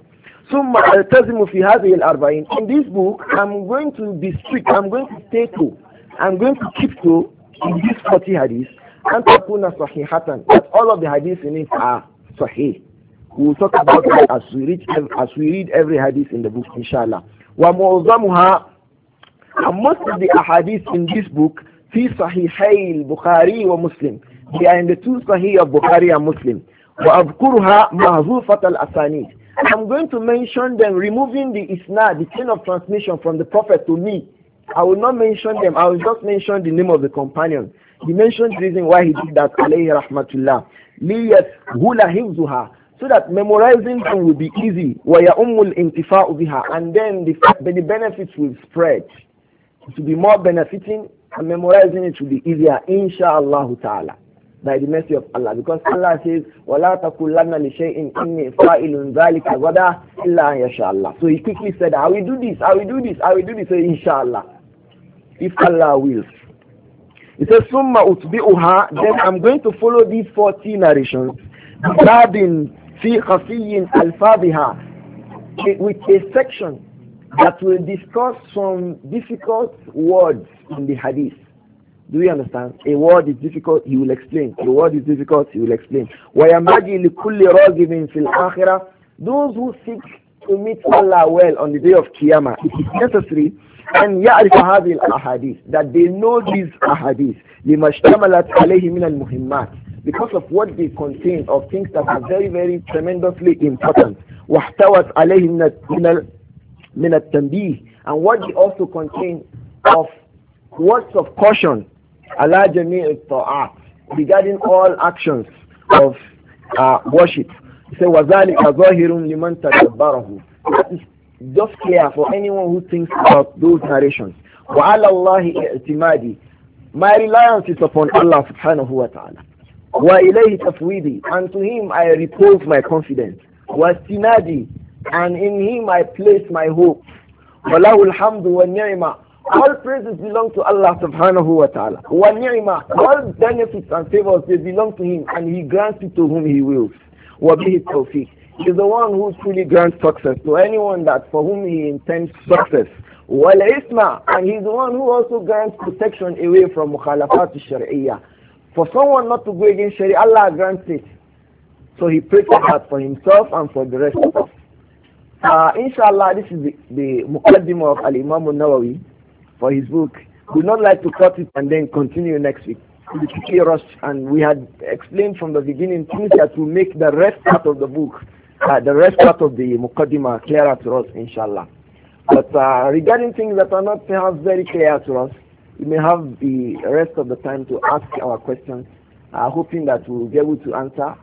Speaker 1: ثم ألتزم في هذه الأربعين in this book I'm going to be strict I'm going to stay to I'm going to keep to in this 40 hadiths, Antakuna Sahihatan, that all of the hadiths in it are Sahih. We will talk about that as we, read, as we read every hadith in the book, inshallah. وَمُعْظَمُهَا And most of the hadiths in this book, في Bukhari wa Muslim. They are in the two Sahih of Bukhari and Muslim. واذكرها al asanid. الْأَسَانِيدِ I'm going to mention them, removing the isnad, the chain of transmission from the Prophet to me, I will not mention them. I will just mention the name of the companion. He mentioned the reason why he did that, alayhi rahmatullah. Liyat hula hifzuha. So that memorizing them will be easy. Wa umul الْإِنْتِفَاءُ biha. And then the, the benefits will spread. It will be more benefiting and memorizing it will be easier, inshallah ta'ala. By the mercy of Allah. Because Allah says, وَلَا تَكُلَّنَّ لِشَيْءٍ إِنِّي فَائِلٌ ذَلِكَ غَدَى إِلَّا يَشَاءَ اللَّهُ So he quickly said, I will do this, I will do this, I will do this, so inshallah if Allah wills. He says, Summa utbi'uha, then I'm going to follow these 40 narrations. Babin fi khafiyin al with a section that will discuss some difficult words in the hadith. Do you understand? A word is difficult, he will explain. A word is difficult, he will explain. وَيَمَّجِي لِكُلِّ رَاغِبٍ fil akhirah. Those who seek to meet Allah well on the day of Qiyamah, it is necessary أن يعرف هذه الأحاديث that they know these أحاديث لما اشتملت عليه من المهمات because of what they contain of things that are very very tremendously important واحتوت عليه من من من التنبيه and what they also contain of words of caution على جميع الطاعات regarding all actions of uh, worship. He said, وَذَلِكَ ظَاهِرٌ لِمَنْ تَدَبَّرَهُ That is just clear for anyone who thinks about those narrations. وَعَلَى اللَّهِ اِعْتِمَادِي My reliance is upon Allah subhanahu wa ta'ala. وَإِلَيْهِ تَفْوِيدِي And to Him I repose my confidence. وَاسْتِنَادِي And in Him I place my hope. وَلَهُ الْحَمْدُ وَالنِّعْمَةِ all praises belong to Allah subhanahu wa ta'ala. Wa ni'ma, all benefits and favors, they belong to Him and He grants it to whom He wills. Wa bihi tawfiq is the one who truly grants success to anyone that for whom he intends success. Wal isma, and he's the one who also grants protection away from mukhalafat shari'a, For someone not to go against Sharia, Allah grants it. So he prays for that for himself and for the rest of us. Uh, inshallah, this is the, the Muqaddimah of Al-Imam nawawi for his book. We would not like to cut it and then continue next week. We rushed and we had explained from the beginning things that will make the rest part of the book uh, the rest part of the Mukaddima are clearer to us, inshallah. But uh, regarding things that are not perhaps very clear to us, we may have the rest of the time to ask our questions, uh, hoping that we'll be able to answer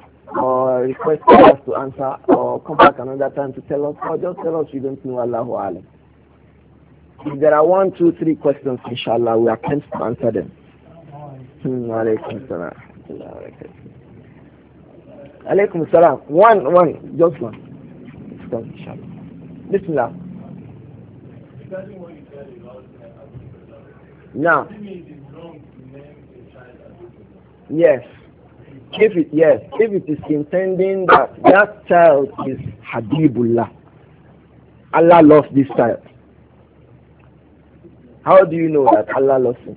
Speaker 1: or request us to answer or come back another time to tell us or just tell us we don't know Allahu Alam. If there are one, two, three questions, inshallah, we are tempted to answer them. Hmm, Alaikum salam. One, one, just one. It's Bismillah. Now. Yes. If it, yes, if it is intending that that child is Habibullah, Allah loves this child. How do you know that Allah loves him?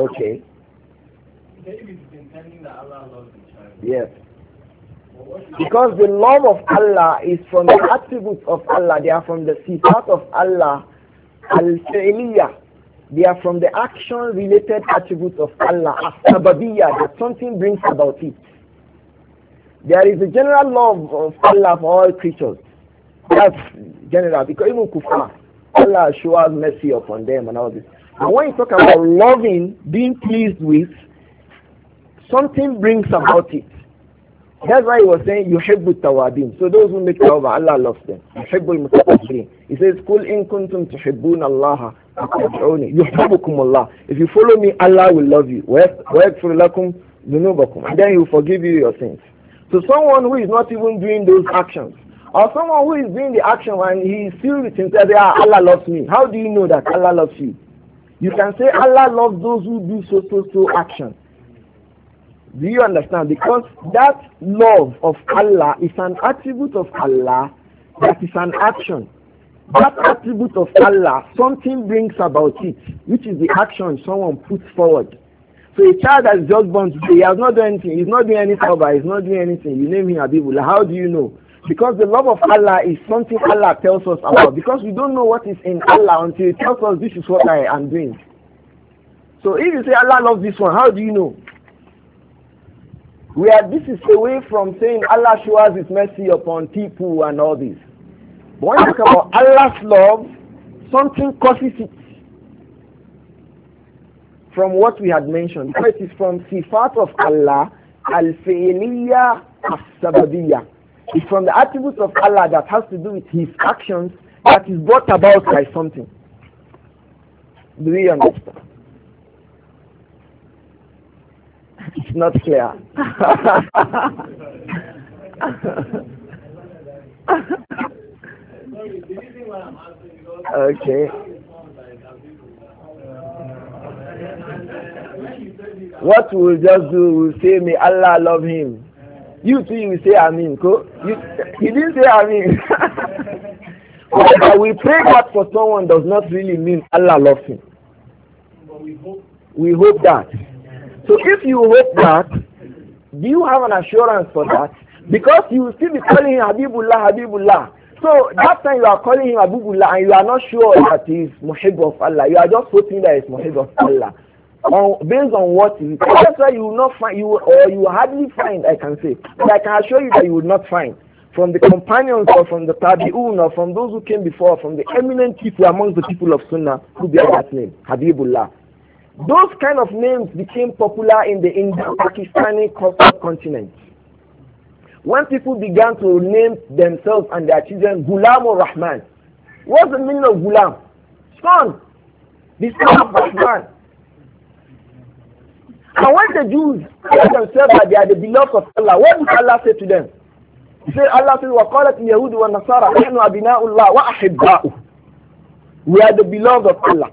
Speaker 1: Okay pretending that Allah loves Yes. Because the love of Allah is from the attributes of Allah, they are from the sifat of Allah, al They are from the action-related attributes of Allah, as-sababiyah, that something brings about it. There is a general love of Allah for all creatures. That's general, because even kuffar, Allah shows mercy upon them and all this. And when you talk about loving, being pleased with, Something brings about it. That's why he was saying, يُحِبُّ التَّوَابِينَ So those who make tawbah, Allah loves them. يُحِبُّ الْمُتَوَابِينَ He says, قُلْ إِن كُنْتُمْ تُحِبُّونَ اللَّهَ فَاتَّبِعُونِي يُحِبُّكُمُ اللَّهُ If you follow me, Allah will love you. وَيَغْفِرْ لَكُمْ ذُنُوبَكُمْ And then He will forgive you your sins. So someone who is not even doing those actions, or someone who is doing the action and he still with himself, ah, Allah loves me. How do you know that Allah loves you? You can say Allah loves those who do so so so action. Do you understand? Because that love of Allah is an attribute of Allah that is an action. That attribute of Allah, something brings about it, which is the action someone puts forward. So a child that is just born today, he has not done anything, he's not doing any tawbah, he's not doing anything. You name him Abibullah. How do you know? Because the love of Allah is something Allah tells us about. Because we don't know what is in Allah until He tells us this is what I am doing. So if you say Allah loves this one, how do you know? We are, this is away from saying Allah showers his mercy upon people and all this. But when you talk about Allah's love, something causes it from what we had mentioned. Because it is from sifat of Allah, al-fi'liya as-sababiyya. It's from the attributes of Allah that has to do with his actions that is brought about by something. Do we understand? It's not clear. okay. What we'll just do, we'll say, may Allah love him. You too, you say Amin. he didn't say Amin. but we pray that for someone does not really mean Allah loves him. We hope that. So if you hope that, do you have an assurance for that? Because you will still be calling him Habibullah, Habibullah. So that time you are calling him Habibullah and you are not sure that he is Muhib of Allah. You are just hoping that he is Muhib of Allah. On, based on what he is. That's why you will not find, you or you will hardly find, I can say. But I can assure you that you will not find from the companions or from the tabi'un or from those who came before, from the eminent people amongst the people of Sunnah who bear that name, Habibullah. Those kind of names became popular in the Indo-Pakistani continent When people began to name themselves and their children Gulam or Rahman, what's the meaning of Gulam? Son, the son of Rahman. And when the Jews tell themselves that they are the beloved of Allah, what did Allah say to them? He said, Allah said, وَقَالَتْ الْيَهُودُ وَالنَّصَارَى نَحْنُ أَبْنَاءُ اللَّهِ وَأَحِبَّاؤُهُ We are the beloved of Allah.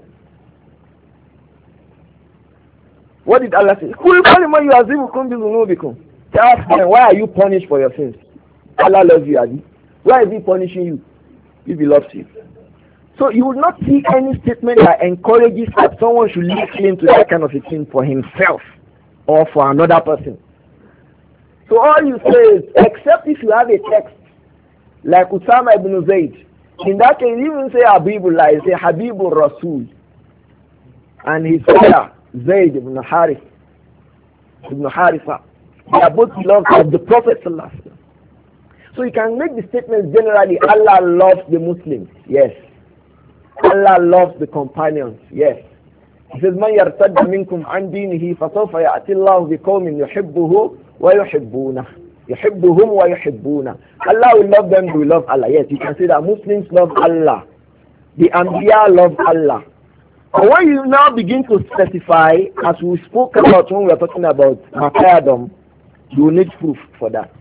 Speaker 1: What did Allah say? Kulbalima you azibukum bizunubikum. Ask them, why are you punished for your sins? Allah loves you, Adi. Why is he punishing you? If he loves you. So you will not see any statement that encourages that someone should lay claim to that kind of a thing for himself or for another person. So all you say is, except if you have a text like Usama ibn Zayd, in that case, you even say Habibullah, you say Habibul Rasul and his father Zayd ibn Harith, ibn Haritha. They are both loved of the Prophet So you can make the statement generally, Allah loves the Muslims, yes. Allah loves the companions, yes. He says, من يرتد منكم عن دينه فسوف يأتي الله بقوم يحبه ويحبونه يحبهم ويحبونه Allah will love them, we love Allah. Yes, you can say that Muslims love Allah. The Anbiya love Allah. But when you now begin to specify, as we spoke about when we were talking about Makayadom, you need proof for that.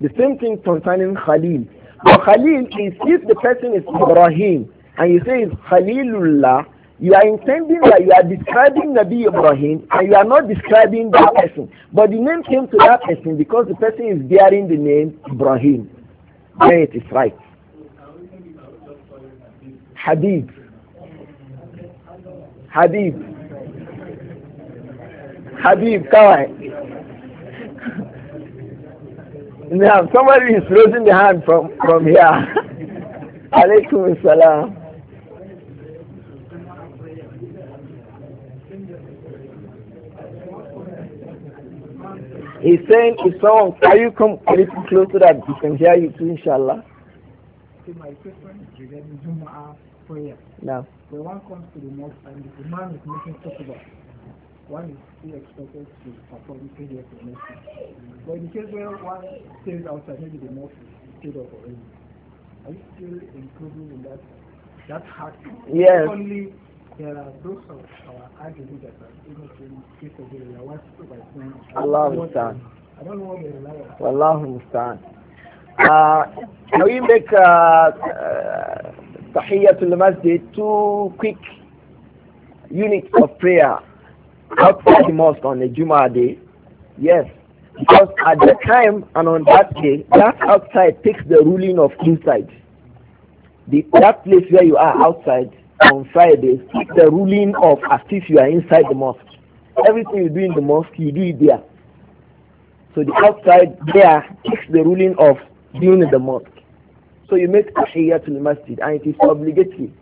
Speaker 1: The same thing concerning Khalil. But Khalil is if the person is Ibrahim and you say it's Khalilullah, you are intending that you are describing Nabi Ibrahim and you are not describing that person. But the name came to that person because the person is bearing the name Ibrahim. Then it is right. Habib. Habib.
Speaker 2: Habib, Kawai.
Speaker 1: now, somebody is raising the hand from, from here. Alaykum salam. He's saying, if someone, can you come a little closer that we can hear you too, inshallah? my question is regarding Jumu'ah prayer. No. When one comes to the mosque and the man is making about, one is still expected to perform prayer for mercy. But in the case where one stays outside, maybe the mosque is stayed up already. Are you still including in that that heart? Yes. Only there are those of our arguments that are in to take away their wives by saying, Allah understand. I don't know what they Allah understand. Uh, can we make uh, uh Tahiyatul Masjid, two quick units of prayer outside the mosque on a Juma day. Yes, because at the time and on that day, that outside takes the ruling of inside. The, that place where you are outside on Fridays takes the ruling of as if you are inside the mosque. Everything you do in the mosque, you do it there. So the outside there takes the ruling of being in the mosque. So you make Tahiyyatul Masjid and it is obligatory.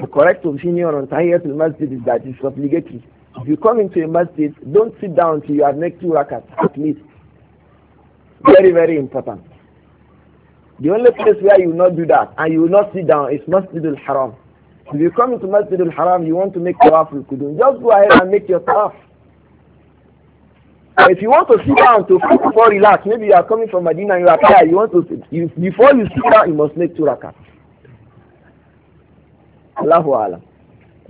Speaker 1: The correct opinion on Tahiyyatul Masjid is that it's obligatory. If you come into a masjid, don't sit down till you have made two rakats at least. Very, very important. The only place where you will not do that and you will not sit down is masjidul haram If you come into masjidul haram you want to make tawaf al-Qudun, just go ahead and make your tawaf if you want to sit down to before relax, maybe you are coming from Medina, you are tired, you want to sit. You, before you sit down, you must make two rakat. Allahu Allah.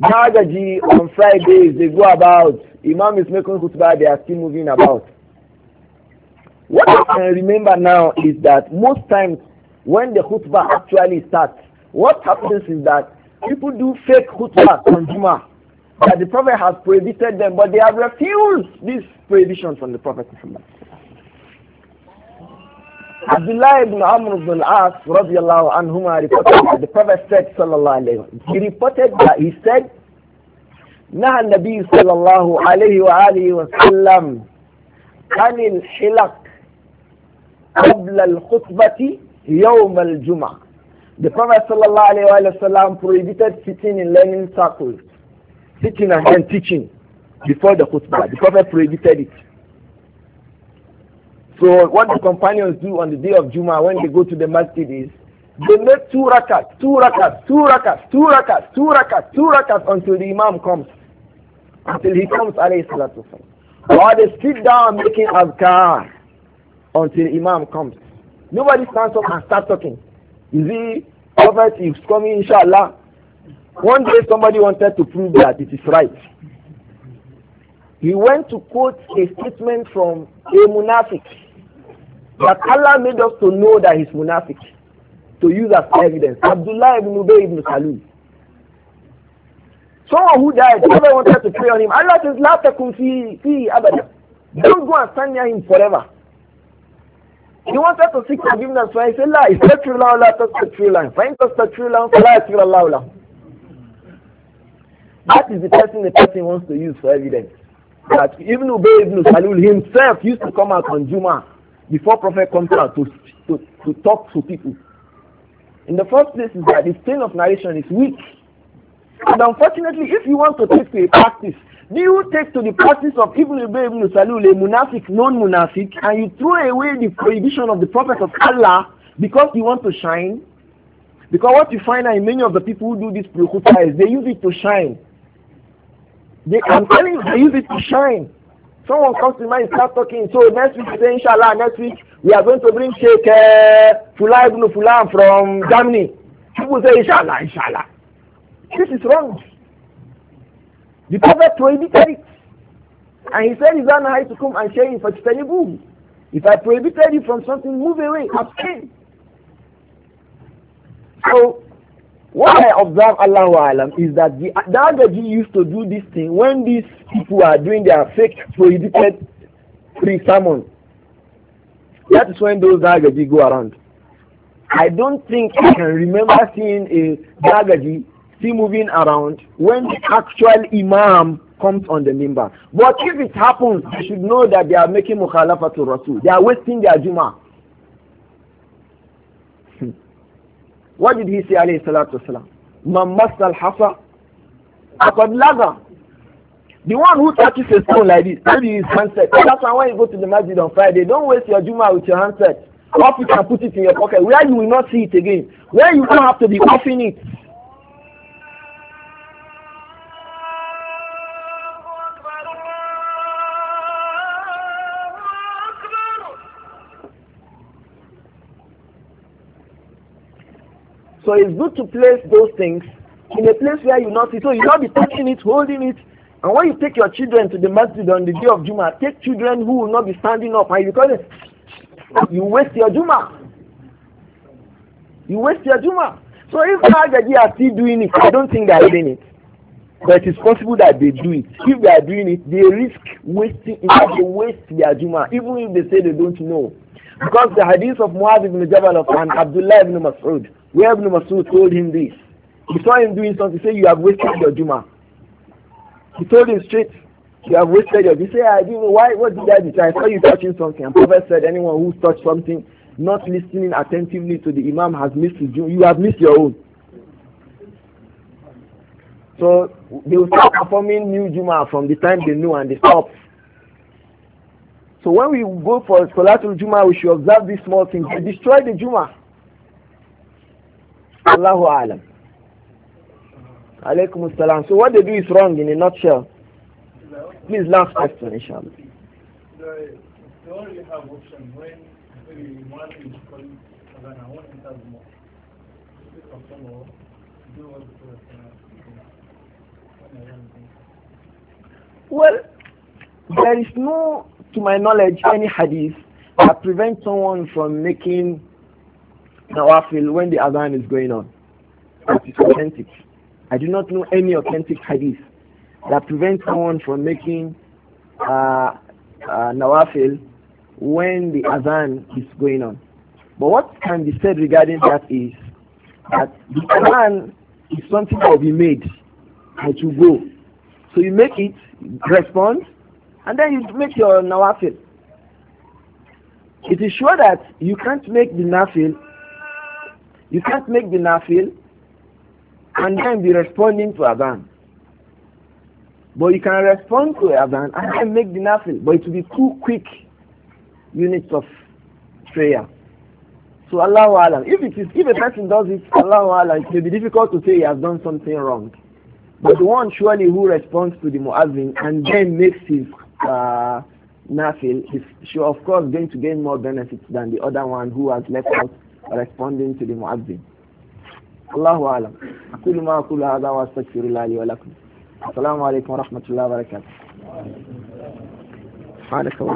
Speaker 1: Nagaji on Fridays, they go about. Imam is making khutbah, they are still moving about. What I can remember now is that most times when the khutbah actually starts, what happens is that people do fake khutbah on Jummah that the Prophet has prohibited them, but they have refused this prohibition from the Prophet Muhammad. Abdullah ibn Amr ibn as radiallahu anhuma reported that the Prophet said sallallahu alayhi wa He reported that he said, نهى النبي صلى الله عليه وآله وسلم عن الحلق قبل الخطبة يوم الجمعة. The Prophet sallallahu alayhi wa sallam prohibited sitting in learning circles sitting and then teaching before the khutbah. The Prophet prohibited it. So what the companions do on the day of Juma when they go to the masjid is they make two rakats, two rakats, two rakats, two rakats, two rakats, two rakats until the Imam comes. Until he comes, alayhi salatu While they sit down making azkar until Imam comes. Nobody stands up and starts talking. You see, Prophet is coming, inshallah. One day somebody wanted to prove that it is right. He went to quote a statement from a munafiq that Allah made us to know that he's munafiq to use as evidence. Abdullah ibn Ubay ibn Salul. Someone who died, never wanted to pray on him. Allah says, La takun fi, fi abada. Don't go and stand near him forever. He wanted to seek forgiveness for him. He said, La, is that true? La, la, that's the true line. Find that's the true line. La, that's the true Allah." That is the person the person wants to use for evidence. That even Ubay ibn Salul himself used to come out on Juma before Prophet comes out to, to, to talk to people. In the first place is that the chain of narration is weak. And unfortunately, if you want to take to a practice, do you take to the practice of Ibn Ubay ibn Salul, a munafiq, non-munafiq, and you throw away the prohibition of the Prophet of Allah because you want to shine? Because what you find in many of the people who do this prukhuta is they use it to shine. They, I'm telling you, they use it to shine. Someone comes to mind, start talking. So next week, say, inshallah, next week, we are going to bring Sheikh uh, Fula Ibn Fulan from Germany. People say, inshallah, inshallah. This is wrong. The Prophet prohibited it. And he said, to come and Shayin Fajtanibu. If I prohibited you from something, move away, abstain. So what I observe, Allahu Alam, is that the Dagaji used to do this thing when these people are doing their fake prohibited pre-sermon. That is when those Dagaji go around. I don't think I can remember seeing a Dagaji see moving around when the actual Imam comes on the member. But if it happens, you should know that they are making mukhalafa to Rasul. They are wasting their Jummah. What did he say, alayhi salatu wasalam? Man hasa, laga. The one who touches a stone like this, maybe his handset. That's why when you go to the masjid on Friday, don't waste your Juma with your handset. Off you can put it in your pocket where you will not see it again. Where you don't have to be offing it. So it's good to place those things in a place where you not see. So you not be touching it, holding it. And when you take your children to the masjid on the day of Juma, take children who will not be standing up and you call it, you waste your Juma. You waste your Juma. So if you are still doing it, I don't think they are doing it. But it is possible that they do it. If they are doing it, they risk wasting They waste their Juma, even if they say they don't know. Because the hadith of Muaz ibn Jabal of, and Abdullah ibn Mas'ud, where Ibn Masud told him this. He saw him doing something, he said, you have wasted your Juma. He told him straight, you have wasted your Juma. He said, I didn't, why, what did I do? I saw you touching something. And Prophet said, anyone who touched something, not listening attentively to the Imam has missed his Juma. You have missed your own. So they will start performing new Juma from the time they know and they stop. So when we go for Salatul Juma, we should observe these small things. They destroy the Juma. Allahu alam. Alaykum assalam. So what they do is wrong in a nutshell. Please last question, inshallah. The, have one is well, there is no, to my knowledge, any hadith that prevents someone from making Nawafil when the Adhan is going on. It is authentic. I do not know any authentic hadith that prevents someone from making uh, uh, Nawafil when the Adhan is going on. But what can be said regarding that is that the Adhan is something that will be made and to go. So you make it, respond, and then you make your Nawafil. It is sure that you can't make the Nafil you can't make the nafil and then be responding to adhan. But you can respond to adhan and then make the nafil, but it will be two quick units of prayer. So Allahu Alam. If it is if a person does it, Allahu Alam, it may be difficult to say he has done something wrong. But the one surely who responds to the muazzin and then makes his uh, nafil is sure of course going to gain more benefits than the other one who has left out responding to the muazzin Allahu alam ma aqul hadha wa astaghfiru wa lakum assalamu alaykum wa rahmatullahi wa barakatuh